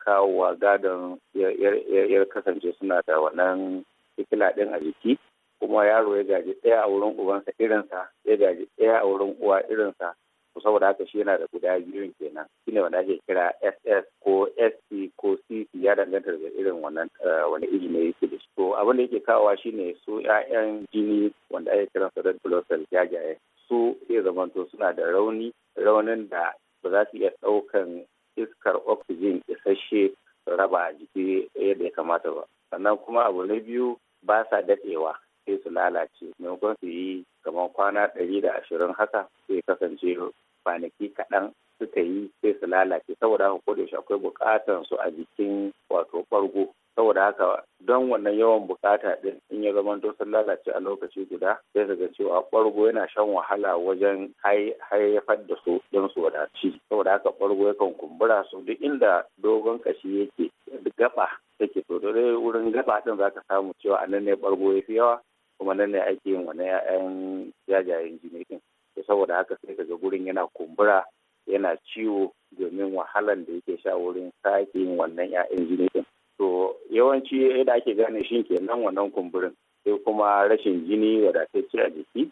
kawowa gadon ya kasance suna da wannan sikila ɗin a jiki kuma yaro ya gaji ɗaya a wurin ubansa irinsa ya gaji ɗaya a wurin uwa irinsa saboda haka shi yana da guda biyun kenan shine wanda ake kira ss ko sc ko cc ya danganta da irin wannan eh, wani iri ne yake da shi to abin da yake kawowa shine su 'ya'yan jini wanda ake su red blood cell jajaye su zai to suna da rauni raunin da ba za su iya ɗaukan iskar oxygen isasshe raba a jiki yadda ya kamata ba sannan kuma abu na biyu ba sa daɗewa sai su lalace maimakon su yi kamar kwana ɗari da ashirin haka sai kasance kwanaki kaɗan suka yi sai su lalace saboda haka ko yaushe akwai buƙatar su a jikin wato ɓargo saboda haka don wannan yawan bukata din in ya zama to sun lalace a lokaci guda sai daga cewa ɓargo yana shan wahala wajen haifar da su don su wadaci saboda haka ɓargo yakan kumbura su duk inda dogon kashi yake gaba take to dole wurin gaba din zaka samu cewa a nan ne ɓargo ya fi yawa kuma nan ne ake yin wani 'ya'yan jajayen jini din da saboda haka sai kaga gurin yana kumbura yana ciwo domin wahalan da yake sha wurin sake yin wannan 'ya'yan jini din to yawanci yadda ake gane shi kenan wannan kumburin sai kuma rashin jini wadatacce a jiki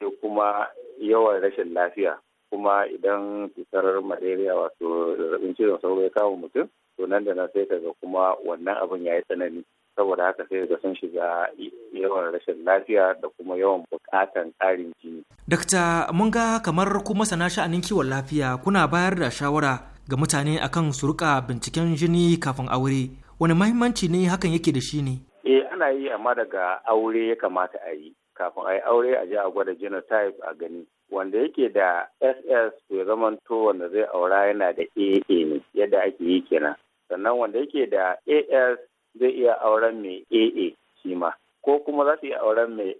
sai kuma yawan rashin lafiya kuma idan cutar malaria wato zazzabin cizon sauro ya kama mutum to nan da nan sai ga kuma wannan abin ya yi tsanani saboda haka sai ga sun shiga yawan rashin lafiya da kuma yawan bukatan ƙarin jini. Dakta mun ga kamar ku masana sha'anin kiwon lafiya kuna bayar da shawara ga mutane akan su rika binciken jini kafin aure wani mahimmanci ne hakan yake da shi ne? Eh ana yi amma daga aure ya kamata a yi kafin a yi aure a je a gwada genotype a gani wanda yake da ss to ya to wanda zai aura yana da aa ne yadda ake yi kenan sannan wanda yake da as zai iya auren mai aa shi ma ko kuma za su iya auren mai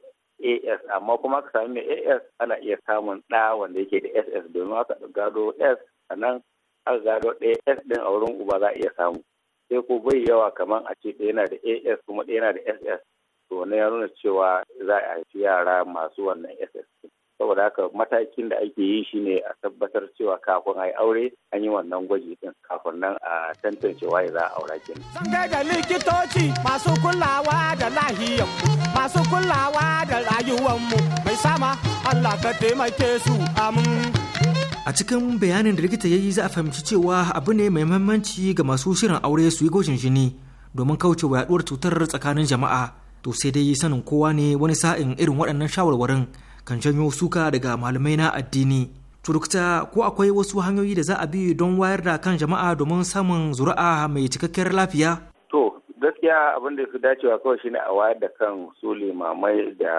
as amma kuma ka sami mai as ana iya samun ɗa wanda yake da ss domin aka gado s sannan aka gado ɗaya s ɗin a uba za a iya samu sai ko bai yawa kamar a ce ɗaya yana da as kuma ɗaya yana da ss to na ya nuna cewa za a haifi yara masu wannan ss saboda haka matakin da ake yi shine a tabbatar cewa kafin a yi aure an yi wannan gwaji din kafin nan a tantance waye za a aura kin da likitoci masu kulawa da lahiyar masu kulawa da rayuwar mu mai sama Allah ka taimake su amin a cikin bayanin da likita ya yi za a fahimci cewa abu ne mai mahimmanci ga masu shirin aure su yi gwajin jini domin kauce wa yaduwar cutar tsakanin jama'a to sai dai sanin kowa ne wani sa'in irin waɗannan shawarwarin kan janyo suka daga malamai na addini turkta ko akwai wasu hanyoyi da za a bi don wayar da kan jama'a domin samun zuri'a mai cikakkiyar lafiya to gaskiya abin da su dacewa kawai shine a wayar da kan su limamai da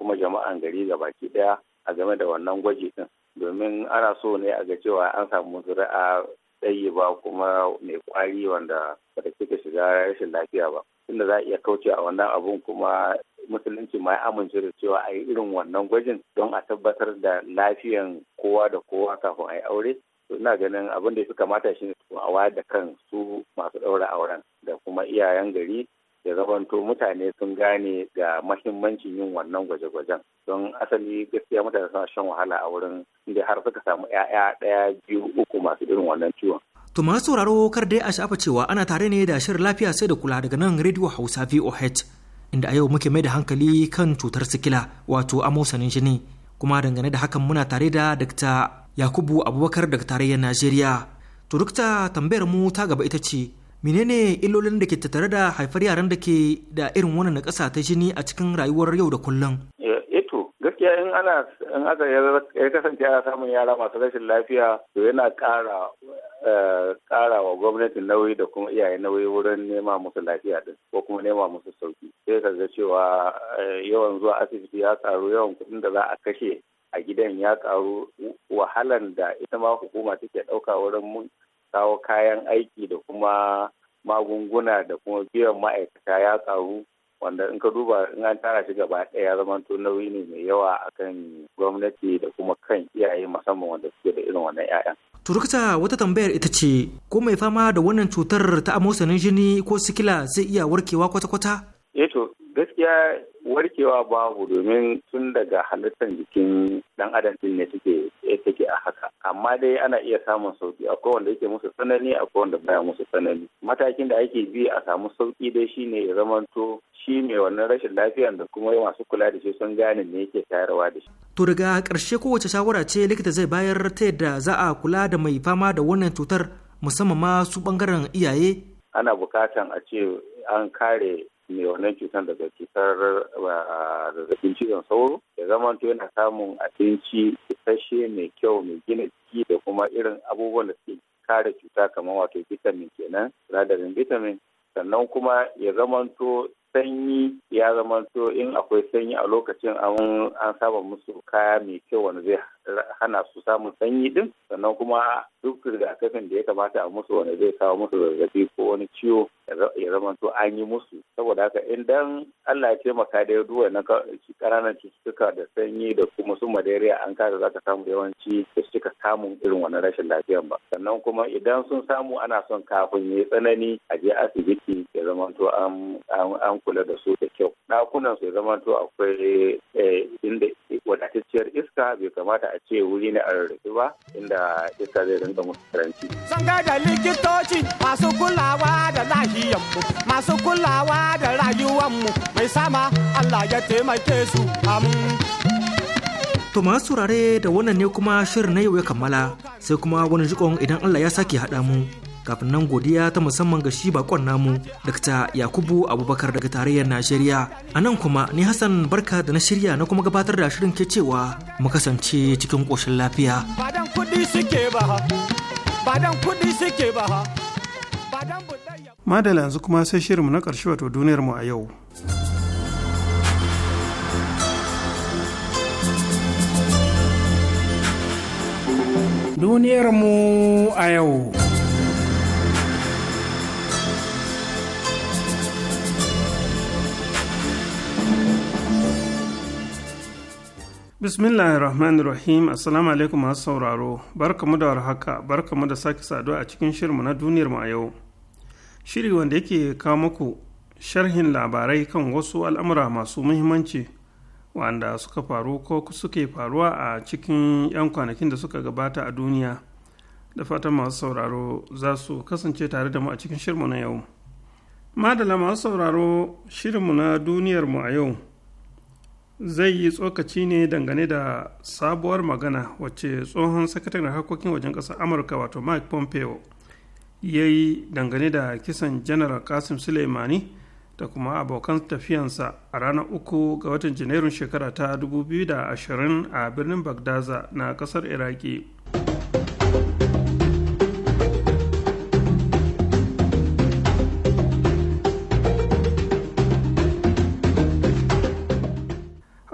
kuma jama'an gari ga baki daya a game da wannan gwaji din domin ana so ne a ga cewa an samu zuri'a tsayi ba kuma mai kwari wanda ba ta shiga rashin lafiya ba tunda za a iya kauce a wannan abun kuma musulunci ma ya amince da cewa a yi irin wannan gwajin don a tabbatar da lafiyan kowa da kowa kafin a yi aure ina ganin abin da ya fi kamata shi ne a wayar da kan su masu ɗaura auren da kuma iyayen gari da zamanto mutane sun gane ga mahimmancin yin wannan gwaje-gwajen don asali gaskiya mutane suna shan wahala a wurin inda har suka samu 'ya'ya ɗaya biyu uku masu irin wannan ciwon To masu sauraro kar dai a sha'afa cewa ana tare ne da shirin lafiya sai da kula daga nan Radio Hausa VOH. inda a yau muke mai da hankali kan cutar sikila wato amosanin jini kuma dangane da hakan muna tare da Dr. Yakubu Abubakar daga tarayyar Najeriya. To dukta tambayarmu tambayar mu ta gaba ita ce menene illolin da ke tattare da haifar yaran da ke da irin wannan ƙasa ta jini a cikin rayuwar yau da kullum? gaskiya in ana in aka ya kasance ana samun yara masu rashin lafiya to yana ƙara eh, ƙara wa gwamnati nauyi da kuma iyaye nauyi wurin nema musu lafiya din ko kuma nema musu sauki sai ka ga cewa eh, yawan zuwa asibiti ya karu yawan kuɗin da za a kashe a gidan ya karu wahalan da ita ma hukuma take ɗauka wurin mun kawo kayan aiki da kuma magunguna da kuma biyan ma'aikata ya karu wanda in ka duba in an tara shi gaba ɗaya zama to nauyi ne mai yawa akan gwamnati da kuma kan iyaye musamman wanda suke da irin wannan 'ya'yan. turkta wata tambayar ita ce ko mai fama da wannan cutar ta amosanin jini ko sikila zai iya warkewa kwata-kwata Eto eh gaskiya warkewa babu domin tun daga halittar jikin dan adam din ne take eh, take a haka amma dai ana iya samun sauki akwai wanda yake musu tsanani akwai wanda baya musu tsanani matakin da ake bi a samu sauki dai shine ya zamanto shi ne wannan rashin lafiyar da kuma masu kula da shi sun gane ne yake tayarwa da shi. To daga karshe kowace shawara ce likita zai bayar ta yadda za a kula da mai fama da wannan cutar musamman ma su bangaren iyaye? Ana bukatan a ce an kare mai wannan cutar daga cutar zazzabin cizon sauro ya zama to yana samun abinci isasshe mai kyau mai gina jiki da kuma irin abubuwan da suke kare cuta kamar wato vitamin kenan sinadarin vitamin sannan kuma ya to sanyi ya zamanto in akwai sanyi a lokacin an saba musu kaya mai kyau wanda zai hana su samun sanyi din sannan kuma duk rigakafin da ya kamata a musu wanda zai kawo musu zazzabi ko wani ciwo ya zama to an yi musu saboda haka idan Allah ya taimaka da duwa na ƙananan cututtuka da sanyi da kuma su malaria an kada za ka samu yawanci da suka samun irin wannan rashin lafiyan ba sannan kuma idan sun samu ana son kafin ya tsanani a je asibiti ya zama to an kula da su da kyau ɗakunan su ya zama to akwai eh, inda wadatacciyar iska bai kamata a a ce wuri ne a rarrafe ba inda iska zai rinka musu karanci. Zan da likitoci masu kulawa da lahiyanmu masu kulawa da rayuwanmu mai sama Allah ya taimake su To masu saurare da wannan ne kuma shirin na yau ya kammala sai kuma wani jikon idan Allah ya sake haɗa mu. kafin nan godiya ta musamman ga shi bakon namu Dr. Yakubu Abubakar daga tarayyar Najeriya. A nan kuma ni Hassan Barka da na shirya na kuma gabatar da shirin ke cewa mu kasance cikin koshin lafiya. Badan kuɗi suke ba badan kuɗi suke ba Madala yanzu kuma sai shirinmu na ƙarshe wato duniyar mu a yau. Duniyarmu a yau. Bismillahirrahmanirrahim Assalamu alaikum masu sauraro, barkamu da warhaka, barkamu da sake saduwa a cikin shirinmu na duniyar mu a yau. Shiri wanda yake kawo muku sharhin labarai kan wasu al'amura masu muhimmanci wanda suka faru ko suke faruwa a cikin 'yan kwanakin da suka gabata a duniya. Da fatan masu sauraro za su kasance tare da mu a cikin shirinmu na yau. Madala masu sauraro shirinmu na duniyar mu a yau. zai yi tsokaci ne dangane da sabuwar magana wacce tsohon sakataren harkokin wajen ƙasar amurka wato mike pompeo ya yi dangane da kisan general kasim suleimani da kuma abokan tafiyansa a ranar uku ga watan janairun shekara ta 2020 a birnin bagdaza na ƙasar iraki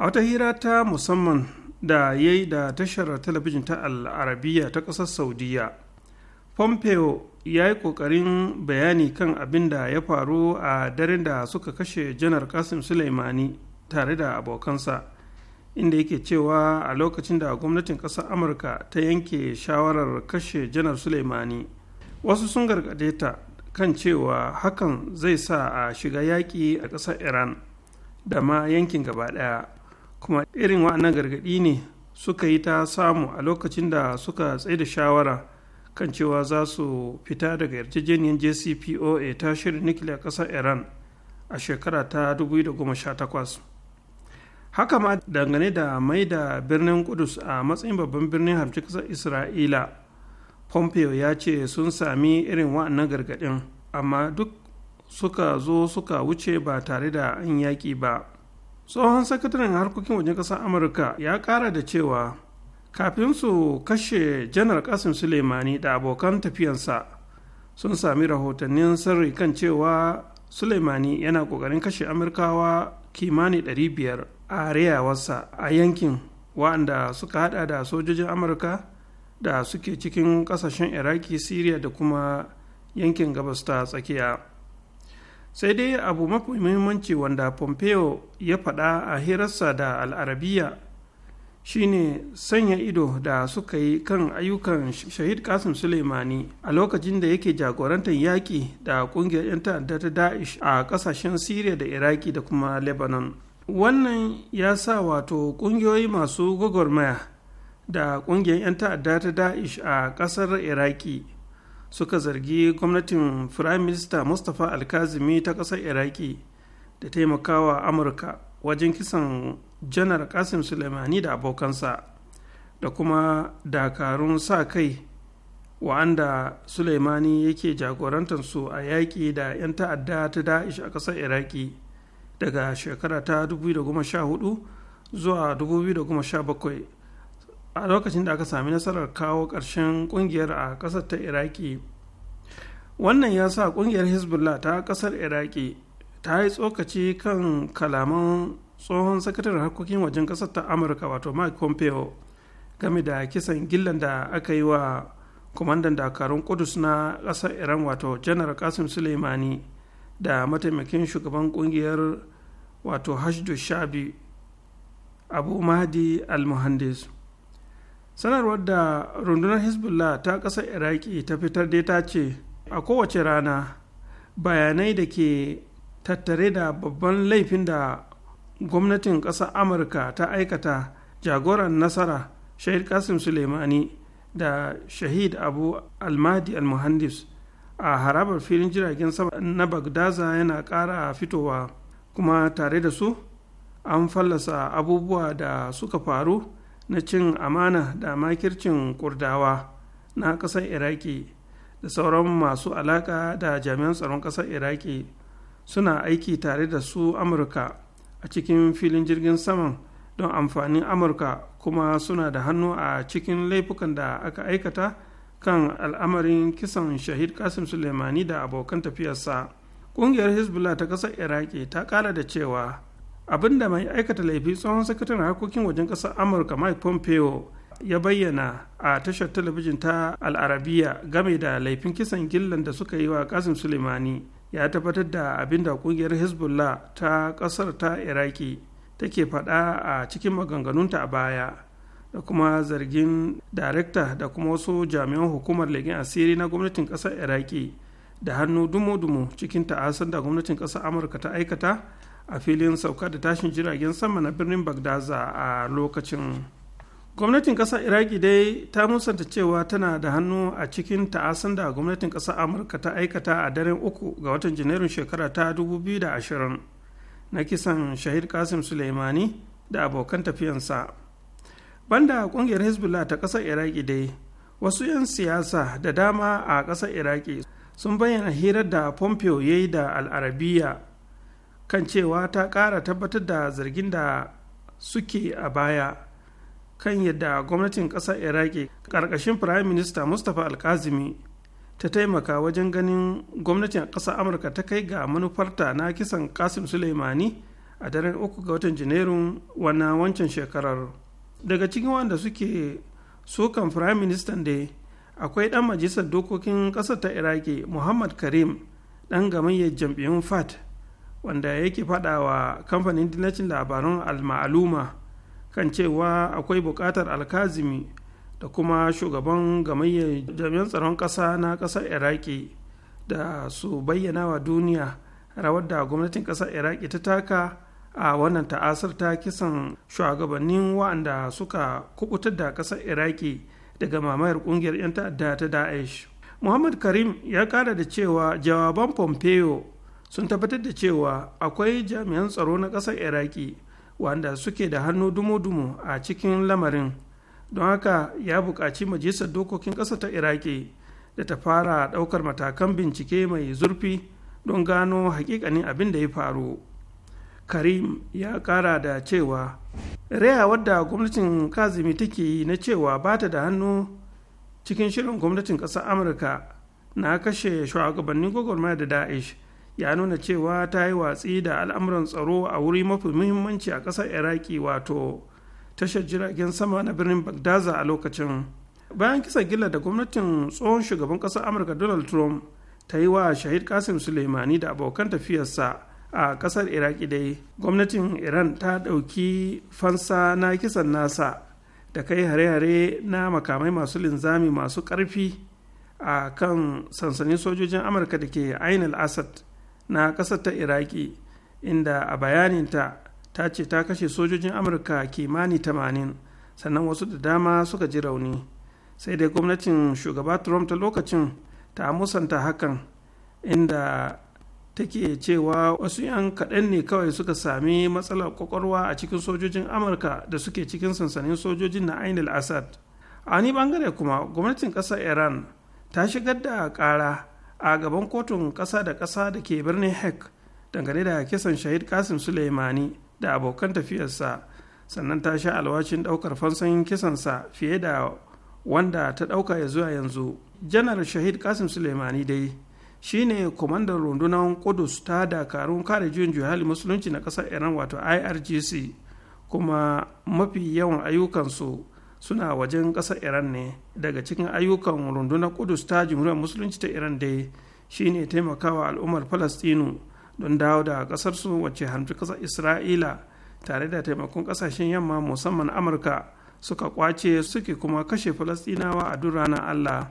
a wata hira ta musamman da ya yi da tashar talabijin ta al'arabiya ta ƙasar saudiya pompeo ya yi ƙoƙarin bayani kan abin da ya faru a daren da suka kashe janar kasim suleimani tare da abokansa inda yake cewa a lokacin da gwamnatin ƙasar amurka ta yanke shawarar kashe janar suleimani wasu sun gargade ta kan cewa hakan zai sa a shiga yaƙi a ƙasar iran da ma yankin gaba ɗaya kuma irin wa'annan gargaɗi ne suka yi ta samu a lokacin da suka tsaye da shawara kan cewa za su fita daga yarjejeniyar jcpoa ta shirin nukiliyar ƙasar iran a shekara ta 2018 haka ma dangane da mai da birnin kudus a matsayin babban birnin hamci ƙasar isra'ila pompeo ya ce sun sami irin wa'annan gargaɗin amma duk suka zo suka wuce ba tare da an yaƙi ba tsohon sakataren harkokin wajen ƙasar amurka ya ƙara da cewa kafin su kashe janar kasim suleimani da abokan tafiyansa sun sami rahotannin sirri kan cewa suleimani yana ƙoƙarin kashe amurkawa kimani 500 a arewarsa a yankin wa'anda suka hada da sojojin amurka da suke cikin ƙasashen iraki syria da kuma yankin gabas ta tsakiya sai dai abu mafi muhimmanci wanda pompeo ya faɗa a hirarsa da al'arabiya shine sanya ido da suka yi kan ayyukan shahid kasim suleimani a lokacin da yake jagorantar yaƙi da ƙungiyar 'yan ta'adda ta da'ish a ƙasashen syria da iraki da kuma lebanon wannan ya sa wato ƙungiyoyi masu gwagwarmaya da ƙungiyar 'yan ta'adda ta da'ish a ƙasar iraki suka zargi gwamnatin firayim minista mustapha alkazimi ta ƙasar iraki da taimakawa amurka wajen kisan janar kasim sulemani da abokansa da kuma dakarun sa kai wa'anda sulemani yake su a yaƙi da 'yan ta'adda ta da'ish a ƙasar iraki daga shekara ta 2014 zuwa 2017 a lokacin da aka sami nasarar kawo ƙarshen ƙungiyar a ƙasar ta iraki wannan ya sa ƙungiyar hezbollah ta ƙasar iraki ta yi tsokaci kan kalaman tsohon sakataren harkokin wajen ƙasar ta amurka wato mike pompeo game da kisan gillan da aka yi wa kwamandan dakarun kudus na ƙasar iran wato janar kasim suleimani da mataimakin shugaban ƙungiyar wato hajjdu shabi abu mahdi al-muhandis sanarwar da rundunar hezbollah ta ƙasar iraki ta fitar dai ta ce a kowace rana bayanai da ke tattare da babban laifin da gwamnatin ƙasar amurka ta aikata jagoran nasara shahid kasim suleimani da shahid abu almadi almuhandis a harabar filin jiragen sama na bagdaza yana ƙara fitowa kuma tare da su an fallasa abubuwa da suka faru na cin amana da makircin kurdawa na ƙasar iraki da sauran masu alaƙa da jami'an tsaron ƙasar iraki suna aiki tare da su amurka a cikin filin jirgin saman don amfanin amurka kuma suna da hannu a cikin laifukan da aka aikata kan al'amarin kisan shahid kasim suleimani da abokan tafiyarsa ƙungiyar hezbollah ta ƙasar iraki ta ƙara da cewa abinda mai aikata laifi tsohon sakataren harkokin wajen ƙasar amurka mike pompeo ya bayyana a tashar talabijin ta al'arabiya game da laifin kisan gillan da suka yi wa kasim suleimani ya tabbatar da abin da kungiyar hezbollah ta kasar ta iraki take faɗa a cikin maganganunta a baya da kuma zargin darekta da kuma wasu jami'an hukumar legin asiri na gwamnatin ƙasar iraki da hannu dumo-dumo cikin ta'asar da gwamnatin ƙasar amurka ta aikata a filin sauka da tashin jiragen sama na birnin bagdaza a lokacin gwamnatin ƙasar iraki dai ta musanta cewa tana da hannu a cikin ta'asan da gwamnatin ƙasar amurka ta aikata a daren uku ga watan janairun shekara ta 2020 na kisan shahid kasim suleimani da abokan tafiyansa banda ƙungiyar hezbollah ta ƙasar iraki dai wasu 'yan siyasa da dama a ƙasar iraki sun bayyana hirar da pompeo ya yi da al'arabiya kan cewa ta ƙara tabbatar da zargin da suke a baya kan yadda gwamnatin ƙasar iraki ƙarƙashin firayim minista mustapha alkazimi ta taimaka wajen ganin gwamnatin ƙasar amurka ta kai ga manufarta na kisan kasim suleimani a daren uku ga watan janairun wannan wancan shekarar daga cikin wanda suke sukan firayim ministan da akwai dan majalisar dokokin ƙasar ta iraki muhammad karim ɗan gamayyar jam'iyyun fat wanda yake faɗa wa kamfanin dinacin labarun maaluma kan cewa akwai buƙatar alkazimi da kuma shugaban gamayyar jami'an tsaron ƙasa na ƙasar iraki da su bayyana wa duniya rawar da gwamnatin ƙasar iraki ta taka a wannan ta'asar ta kisan shugabannin wa'anda suka kubutar da ƙasar iraki daga mamayar ƙungiyar 'yan ta'adda ta daesh muhammad karim ya kara da cewa jawaban pompeo sun tabbatar da cewa akwai jami'an tsaro na ƙasar iraki wanda suke da hannu dumo-dumo a cikin lamarin don haka ya buƙaci majalisar dokokin ƙasa ta iraki da ta fara ɗaukar matakan bincike mai zurfi don gano hakikanin abin da ya faru karim ya ƙara da cewa raya wadda gwamnatin kazimi take yi na cewa ba ta da hannu cikin shirin gwamnatin ƙasar amurka na kashe shugabannin gwagwarmaya da daesh ya nuna cewa ta yi watsi da al'amuran tsaro a wuri mafi muhimmanci a ƙasar iraki wato tashar jiragen sama na birnin bagdaza a lokacin bayan kisa gilla da gwamnatin tsohon shugaban ƙasar amurka donald trump ta yi wa shahid kasim suleimani da abokan tafiyarsa a ƙasar iraki dai gwamnatin iran ta ɗauki fansa na kisan nasa da kai hare-hare na makamai masu linzami masu ƙarfi a kan sansanin sojojin amurka da ke ainihin asad na ƙasar ta iraki inda a bayaninta ta ce ta kashe sojojin amurka kimani 80 sannan wasu da dama suka ji rauni sai dai gwamnatin shugaba trump ta lokacin ta musanta hakan inda take cewa wasu 'yan kaɗan ne kawai suka sami matsalar kwakwalwa a cikin sojojin amurka da suke cikin sansanin sojojin na ainihin asad assad a wani bangare kuma gwamnatin ƙasar iran ta shigar da ƙara a gaban kotun ƙasa da ƙasa da ke birnin hek dangane da kisan shahid kasim suleimani da abokan tafiyarsa sannan ta sha alwacin ɗaukar fansan kisansa fiye da wanda ta ɗauka ya zuwa yanzu janar shahid kasim suleimani dai shi ne kwamandan rundunar kudus ta dakarun kare juyin juhali musulunci na ƙasar iran wato irgc kuma mafi yawan ayyukansu suna wajen ƙasar iran ne daga cikin ayyukan rundunar kudus ta jumhuriyar musulunci ta iran dai shine taimakawa al'ummar falastinu don dawo da ƙasarsu wacce hamci ƙasar isra'ila tare da taimakon ƙasashen yamma musamman amurka suka kwace suke kuma kashe falastinawa a duk ranar allah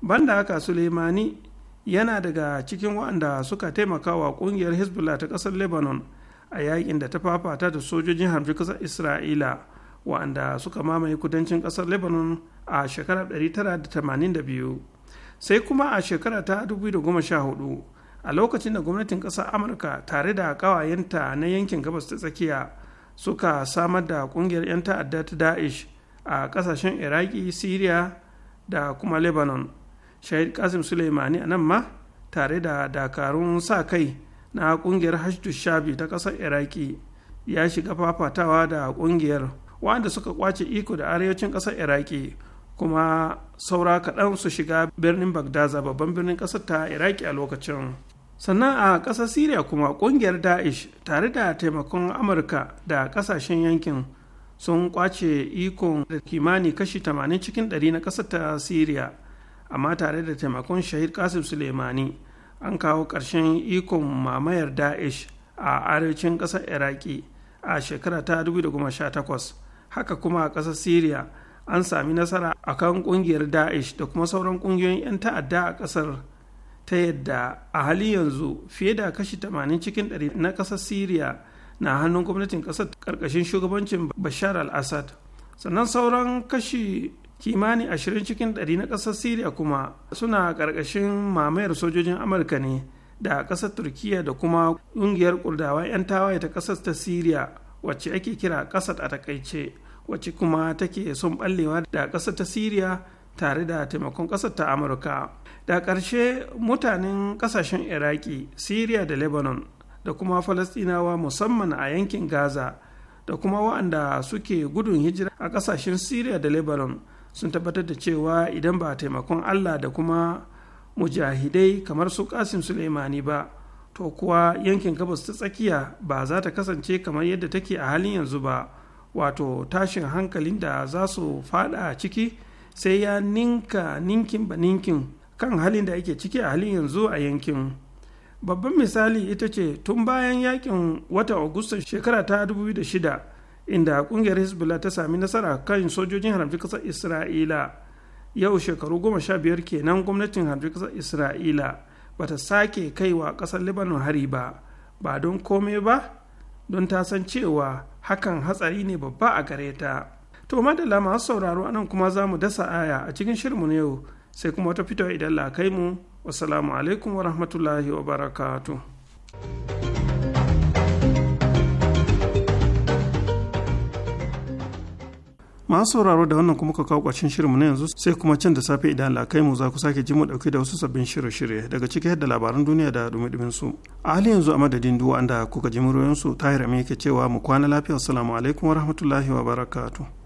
banda haka suleimani yana daga cikin waɗanda suka taimakawa ƙungiyar hezbollah ta ƙasar lebanon a yakin da ta fafata da sojojin hamshi ƙasar isra'ila wa'anda suka mamaye kudancin ƙasar lebanon a shekarar 1982 sai kuma a shekara ta 2014 a lokacin da gwamnatin ƙasar amurka tare da ƙawayenta na yankin gabas ta tsakiya suka samar da ƙungiyar 'yan ta'adda ta Daesh a ƙasashen iraki syria da kuma lebanon shahid kasim suleimani a nan ma tare da dakarun sa kai na ƙungiyar hashdu shabi ta ƙasar iraki ya shiga fafatawa da ƙungiyar wanda suka kwace iko da arewacin ƙasar iraki kuma saura kaɗan su shiga birnin bagdaza babban birnin ƙasar ta iraki a lokacin sannan a ƙasar syria kuma ƙungiyar daesh tare da taimakon amurka da ƙasashen yankin sun kwace ikon da kimani kashi 80 cikin 100 na ƙasar ta syria amma tare da taimakon shahid kasim suleimani an kawo ƙarshen ikon mamayar daesh a arewacin ƙasar iraki a shekara ta 2018 haka kuma a ƙasar syria an sami nasara a kan ƙungiyar da'ish da kuma sauran ƙungiyoyin 'yan ta'adda a ƙasar ta yadda a halin yanzu fiye da kashi 80 cikin 100 na ƙasar syria na hannun gwamnatin ƙasar ƙarƙashin shugabancin bashar al-assad sannan sauran kashi kimani 20 cikin 100 na ƙasar syria kuma suna ƙarƙashin mamayar sojojin amurka ne da ƙasar turkiya da kuma ƙungiyar kurdawa 'yan tawaye ta ƙasar ta syria wacce ake kira ƙasar a takaice wacce kuma take son ɓallewa da ƙasar ta siriya tare da taimakon ƙasar ta amurka da ƙarshe mutanen ƙasashen iraki siriya da lebanon da kuma falastinawa musamman a yankin gaza da kuma wa'anda suke gudun hijira a ƙasashen siriya da lebanon sun tabbatar da cewa idan ba taimakon allah da kuma mujahidai kamar su kasim suleimani ba to kuwa yankin gabas ta tsakiya ba za ta kasance kamar yadda take a halin yanzu ba wato tashin hankalin da za su fada ciki sai ya ninka ninkin ba ninkin kan halin da ake ciki a halin yanzu a yankin babban misali ita ce tun bayan yakin watan agusta shekara ta 2006 inda kungiyar hezbollah ta sami nasara kan sojojin haramci kasar isra'ila yau shekaru goma sha biyar kenan gwamnatin haramci kasar isra'ila ba ta sake kaiwa kasar lebanon hari ba ba don komai ba don ta san cewa hakan hatsari ne babba a gare ta to madalla masu sauraro anan kuma za mu dasa aya a cikin shirinmu na yau sai kuma wata fitowa idan la kai mu wasalamu alaikum wa rahmatullahi wa barakatuh masu sauraro da wannan kuma ka kawo ƙwashin shirinmu na yanzu sai kuma can da safe idan kai mu za ku sake ji mu ɗauki da wasu sabbin shirye-shirye daga ciki yadda labaran duniya da dumi su a hali yanzu a madadin duwa da kuka ji muryoyinsu tahir ke cewa mu kwana lafiya assalamu alaikum wa rahmatullahi wa barakatuh